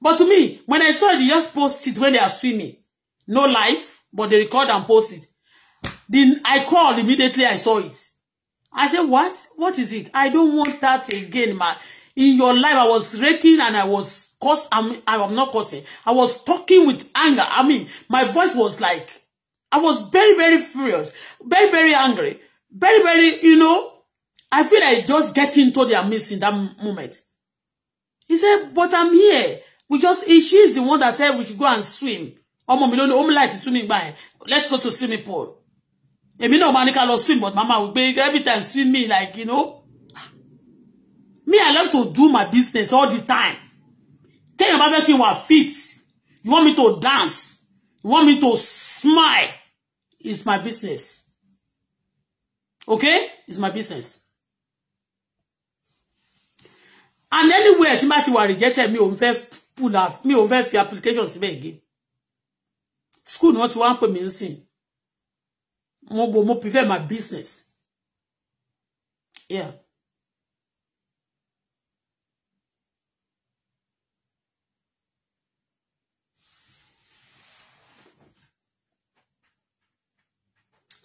A: But to me, when I saw it, they just post it when they are swimming. No life, but they record and post it. Then I called immediately I saw it. I said, what? What is it? I don't want that again, man. In your life, I was raking and I was cursed. I'm, I'm not cursing. I was talking with anger. I mean, my voice was like, I was very, very furious, very, very angry, very, very, you know, I feel like just getting into their midst in that moment. He said, but I'm here. We just, she's the one that said we should go and swim. Oh mi ló ní, ó mi like swimming by. Let's go to swimming pool èmi no máa ní swim but mama will pay every time swim me like you know me I love to do my business all the time Tell your fẹ́ you n fit you want me to dance you want me to smile it's my business okay it's my business and anywhere tí n bá ti wà rejected mi ò ń pull out Me, ò ń fẹ́ fi application school not wọ́n ti wá ń mo bo mo prefer my business yeah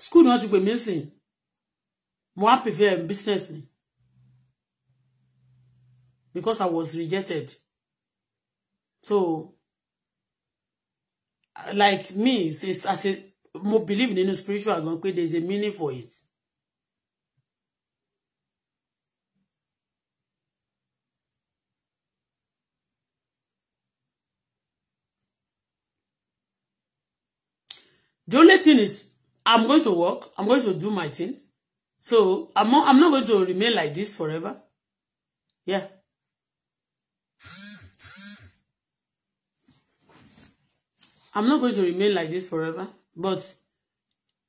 A: school náà ti pè mí sìn mo wá prefer business mi because I was rejected so like me as a mo believe nínú spiritual gan pé there a meaning for it. The only thing is, I'm going to work. I'm going to do my things. So I'm not, I'm not going to remain like this forever. Yeah. I'm not going to remain like this forever. But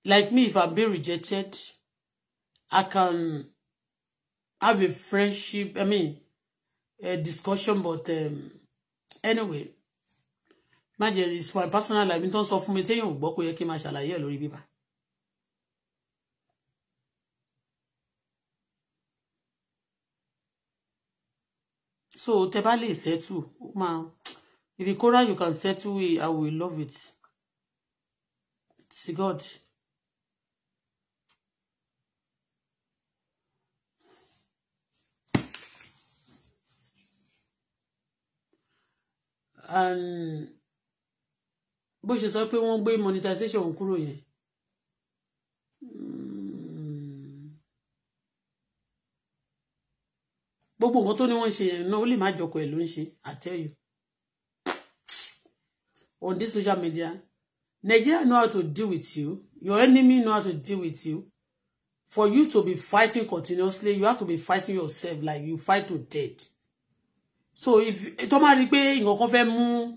A: like me, if I be rejected, I can have a friendship, I mean, a discussion, but um, anyway, my jẹ́ it's my personal life. Nítorí sọ fún mi téèyàn ò gbọ́ kó yẹ kí n So, tẹ́ bá lè settle, ó if you quarrel, you can settle it, I will love it sí God. bó ṣe sọ pé wọ́n gbé monetization kúrò yẹn hmm. gbogbo nǹkan tó ní wọ́n ṣe yẹn náà ó lè má jọkọ̀ ẹ̀ ló ń ṣe I tell you on this social media Nigeria know how to deal with you. Your enemy know how to deal with you. For you to be fighting continuously, you have to be fighting yourself like you fight to death. So if tó máa rí pé nǹkan kan fẹ́ mú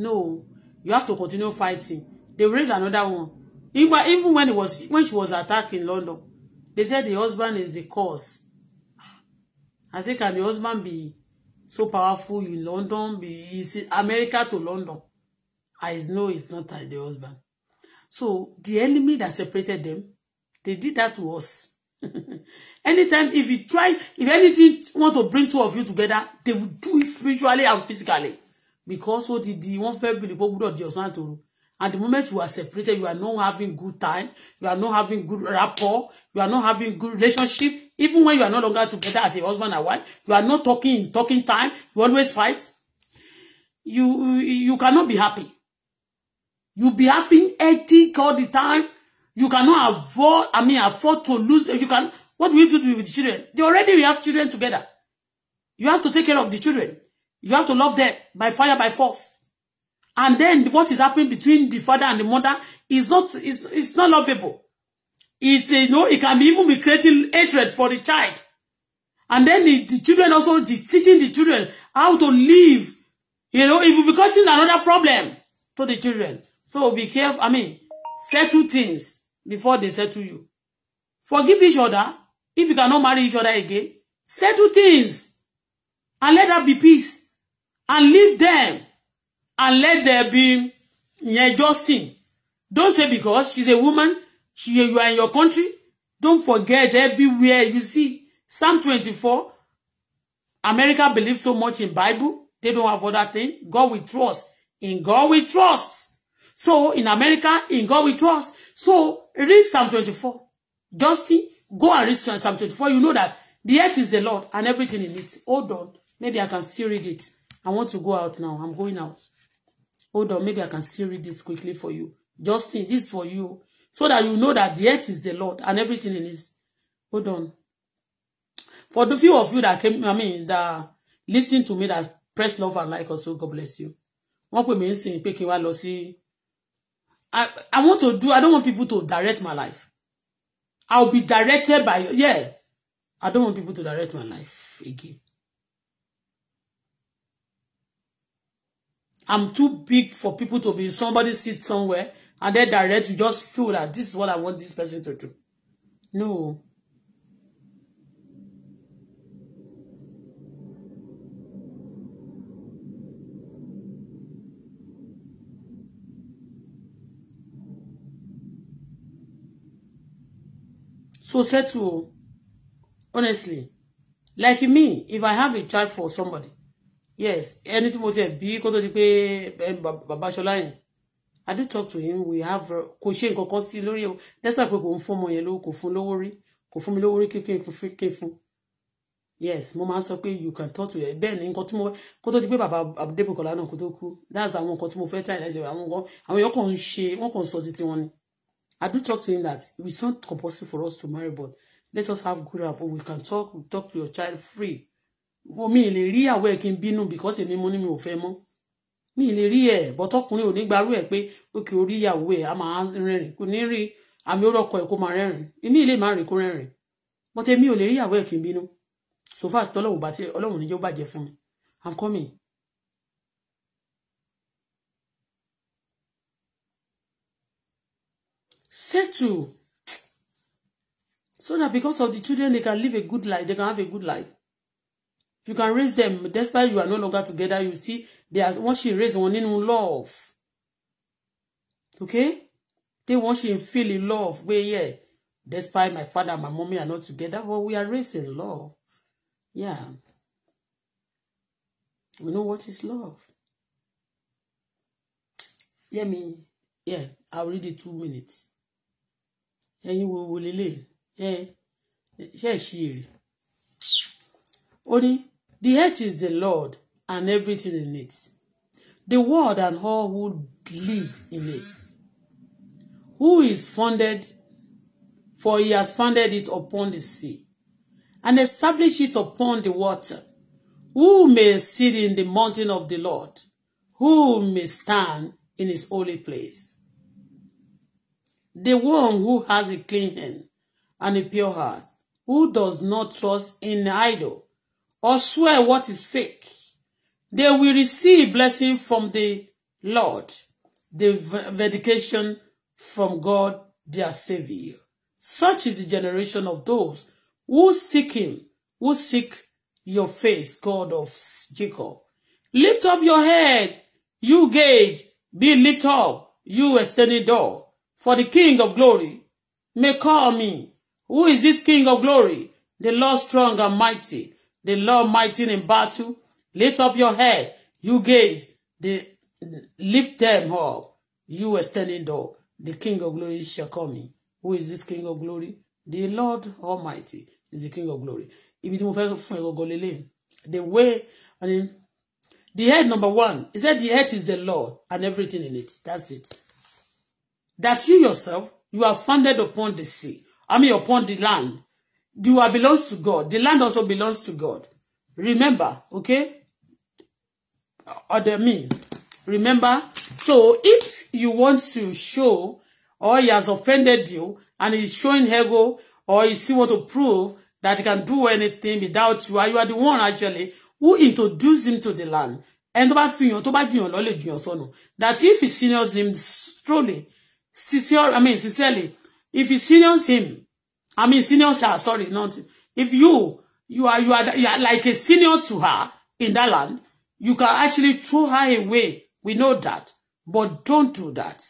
A: no, you have to continue fighting. They raise another one. Even, even when it was when she was attacked in London, they said the husband is the cause. I say, can the husband be so powerful in London, be America to London? I know it's not the husband. So the enemy that separated them, they did that to us. Anytime if you try, if anything want to bring two of you together, they will do it spiritually and physically. Because so did the one fair people would not And the moment you are separated, you are not having good time, you are not having good rapport, you are not having good relationship. Even when you are no longer together as a husband and wife, you are not talking in talking time, you always fight. You you cannot be happy. You be having headache all the time. You cannot afford, I mean, afford to lose. You can, what do you do with the children? They already we have children together. You have to take care of the children. You have to love them by fire, by force. And then what is happening between the father and the mother is not, is, it's not lovable. It's, you know, it can even be creating hatred for the child. And then the, the children also teaching the children how to live. You know, it will be causing another problem to the children. So be careful. I mean, settle things before they settle you. Forgive each other. If you cannot marry each other again, settle things and let there be peace and leave them and let there be yeah, Justin. Don't say because she's a woman, she, you are in your country. Don't forget everywhere you see. Psalm 24. America believes so much in Bible. They don't have other thing. God we trust. In God we trust. So in America, in God we trust. So read Psalm 24. Just see, go and read Psalm 24. You know that the earth is the Lord and everything in it. Hold on. Maybe I can still read it. I want to go out now. I'm going out. Hold on. Maybe I can still read this quickly for you. Just see, this for you. So that you know that the earth is the Lord and everything in it. Hold on. For the few of you that came, I mean, that listening to me that press love and like also, God bless you. Wọ́n pè mí ń sìn pé I, I want to do, I don't want people to direct my life. I'll be directed by, yeah. I don't want people to direct my life again. I'm too big for people to be, somebody sit somewhere and then direct, you just feel that this is what I want this person to do. No. so settle honestly like me if i have a child for somebody yes anything. tí mo ti ẹ̀ bí kó di pé bàbá Ṣọlá yẹn i do talk to him we have kò ṣe nǹkan kan sí lórí ẹ̀ despite pé kò ń fún ọmọ yẹn lówó kò fún lówó rí kò fún mi lówó rí kékeré fún yes mo máa sọ pé you can talk to her bẹ́ẹ̀ ni nǹkan tí mo kó tó di pé bàbá Adébùkọ́lá náà kó tó kú that's àwọn nǹkan tí mo fẹ́ tàyè láti ṣe àwọn nǹkan àwọn èèyàn kàn ń ṣe wọ́n kàn ń sọ títí wọn ni I do talk to him that it's not compulsory for us to marry, but let us have good rapport. We can talk, we talk to your child free. For me, lè real way, ẹ̀ kí n bínú because èmi money, ní mi ò fẹ́ mọ́. Mi lè but talk to me only ẹ̀ pé ó kì í orí ìyàwó ẹ̀ a answering. rẹ́rìn kò ní rí àmì orúkọ ẹ̀ kó máa rẹ́rìn. Inú ilé máa rìn kó rẹ́rìn. But èmi ò lè rí àwọ̀ ẹ̀ kí n So far, tọ́lọ́hùn bá tí ọlọ́hùn níjọ́ bàjẹ́ fún mi. I'm coming. settle so that because of the children they can live a good life they can have a good life you can raise them despite you are no longer together you see, they are wọ́n ṣì raise wọn nínú love okay they wọ́n ṣì feel in love where yeah despite my father and my mommy are not together but we are raising love yeah we know what is love yeah me yeah I'll read it two minutes ẹ̀yin wo wo lélẹ̀ ẹ ṣe ṣe èrè ó the earth is the Lord and everything in it the world and all who live in it who is founded for he has founded it upon the sea and established it upon the water who may sit in the mountain of the Lord who may stand in his holy place The one who has a clean hand and a pure heart, who does not trust in idol or swear what is fake, they will receive blessing from the Lord, the vindication from God their Savior. Such is the generation of those who seek him, who seek your face, God of Jacob. Lift up your head, you gate, be lift up, you extended door for the King of glory may call me. Who is this King of glory? The Lord strong and mighty, the Lord mighty in battle. Lift up your head, you gate. the, lift them up, you standing door. The King of glory shall call me. Who is this King of glory? The Lord Almighty is the King of glory. Ibi tí mo fẹ́ fún ẹ̀rọ gọlélẹ̀. The way, I mean, the head number one, he said the head is the Lord and everything in it. That's it that you yourself, you are founded upon the sea. I mean, upon the land. You are belongs to God. The land also belongs to God. Remember, okay? Or me. Remember? So, if you want to show or he has offended you and he's showing ego or he see what to prove that he can do anything without you, and you are the one actually who introduced him to the land. And tó that if he seniors him truly sincere, I mean, sincerely, if you seniors him, I mean, seniors are sorry, not if you you are you are, you are like a senior to her in that land, you can actually throw her away. We know that, but don't do that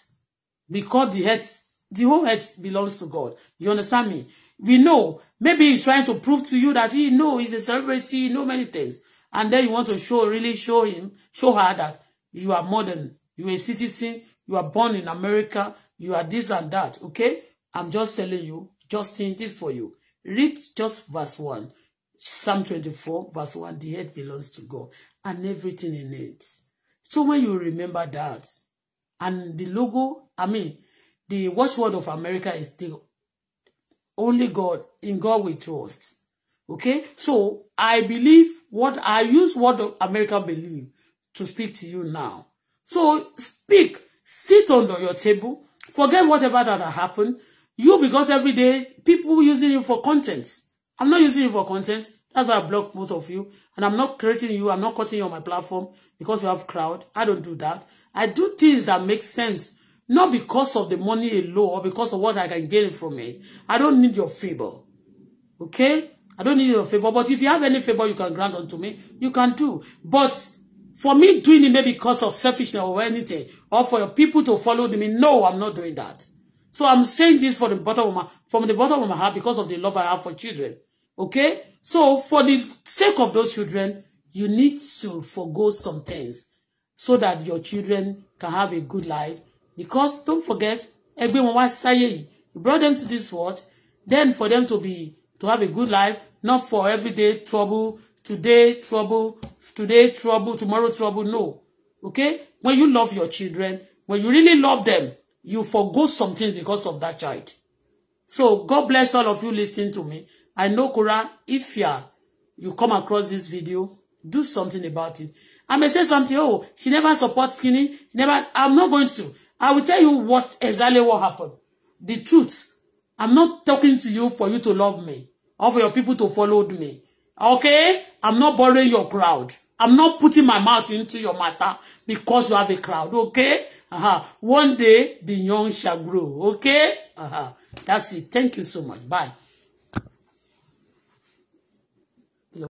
A: because the head, the whole head belongs to God. You understand me? We know maybe he's trying to prove to you that he know he's a celebrity, he know many things, and then you want to show really show him show her that you are modern, you are a citizen, you are born in America, you are this and that okay i'm just telling you justin this for you read just verse one psalm 24 verse one the head belongs to god and everything in it so when you remember that and the logo i mean the watchword of america is the only god in god we trust okay so i believe what i use what america believe to speak to you now so speak sit on your table Forget whatever that happened. You, because every day, people using you for content. I'm not using you for content. That's why I block most of you. And I'm not creating you. I'm not cutting you on my platform because you have crowd. I don't do that. I do things that make sense. Not because of the money alone or because of what I can gain from it. I don't need your favor. Okay? I don't need your favor. But if you have any favor you can grant unto me, you can do. But For me doing it maybe because of selfishness or anything, or for your people to follow me, no, I'm not doing that. So I'm saying this from the bottom of my from the bottom of my heart because of the love I have for children. Okay? So for the sake of those children, you need to forego some things so that your children can have a good life. Because don't forget, ẹgbẹ́ wọn wá you brought them to this world, then for them to be to have a good life, not for everyday trouble, today trouble, today trouble, tomorrow trouble. No. Okay? When you love your children, when you really love them, you forgo some things because of that child. So God bless all of you listening to me. I know, Kura, if ya you come across this video, do something about it. I may say something, oh, she never supports skinny. Never, I'm not going to. I will tell you what exactly what happened. The truth. I'm not talking to you for you to love me or for your people to follow me. Okay? I'm not boring your crowd. I'm not putting my mouth into your matter because you have a crowd, okay? Uh-huh. One day, the young shall grow, okay? Uh-huh. That's it. Thank you so much. Bye.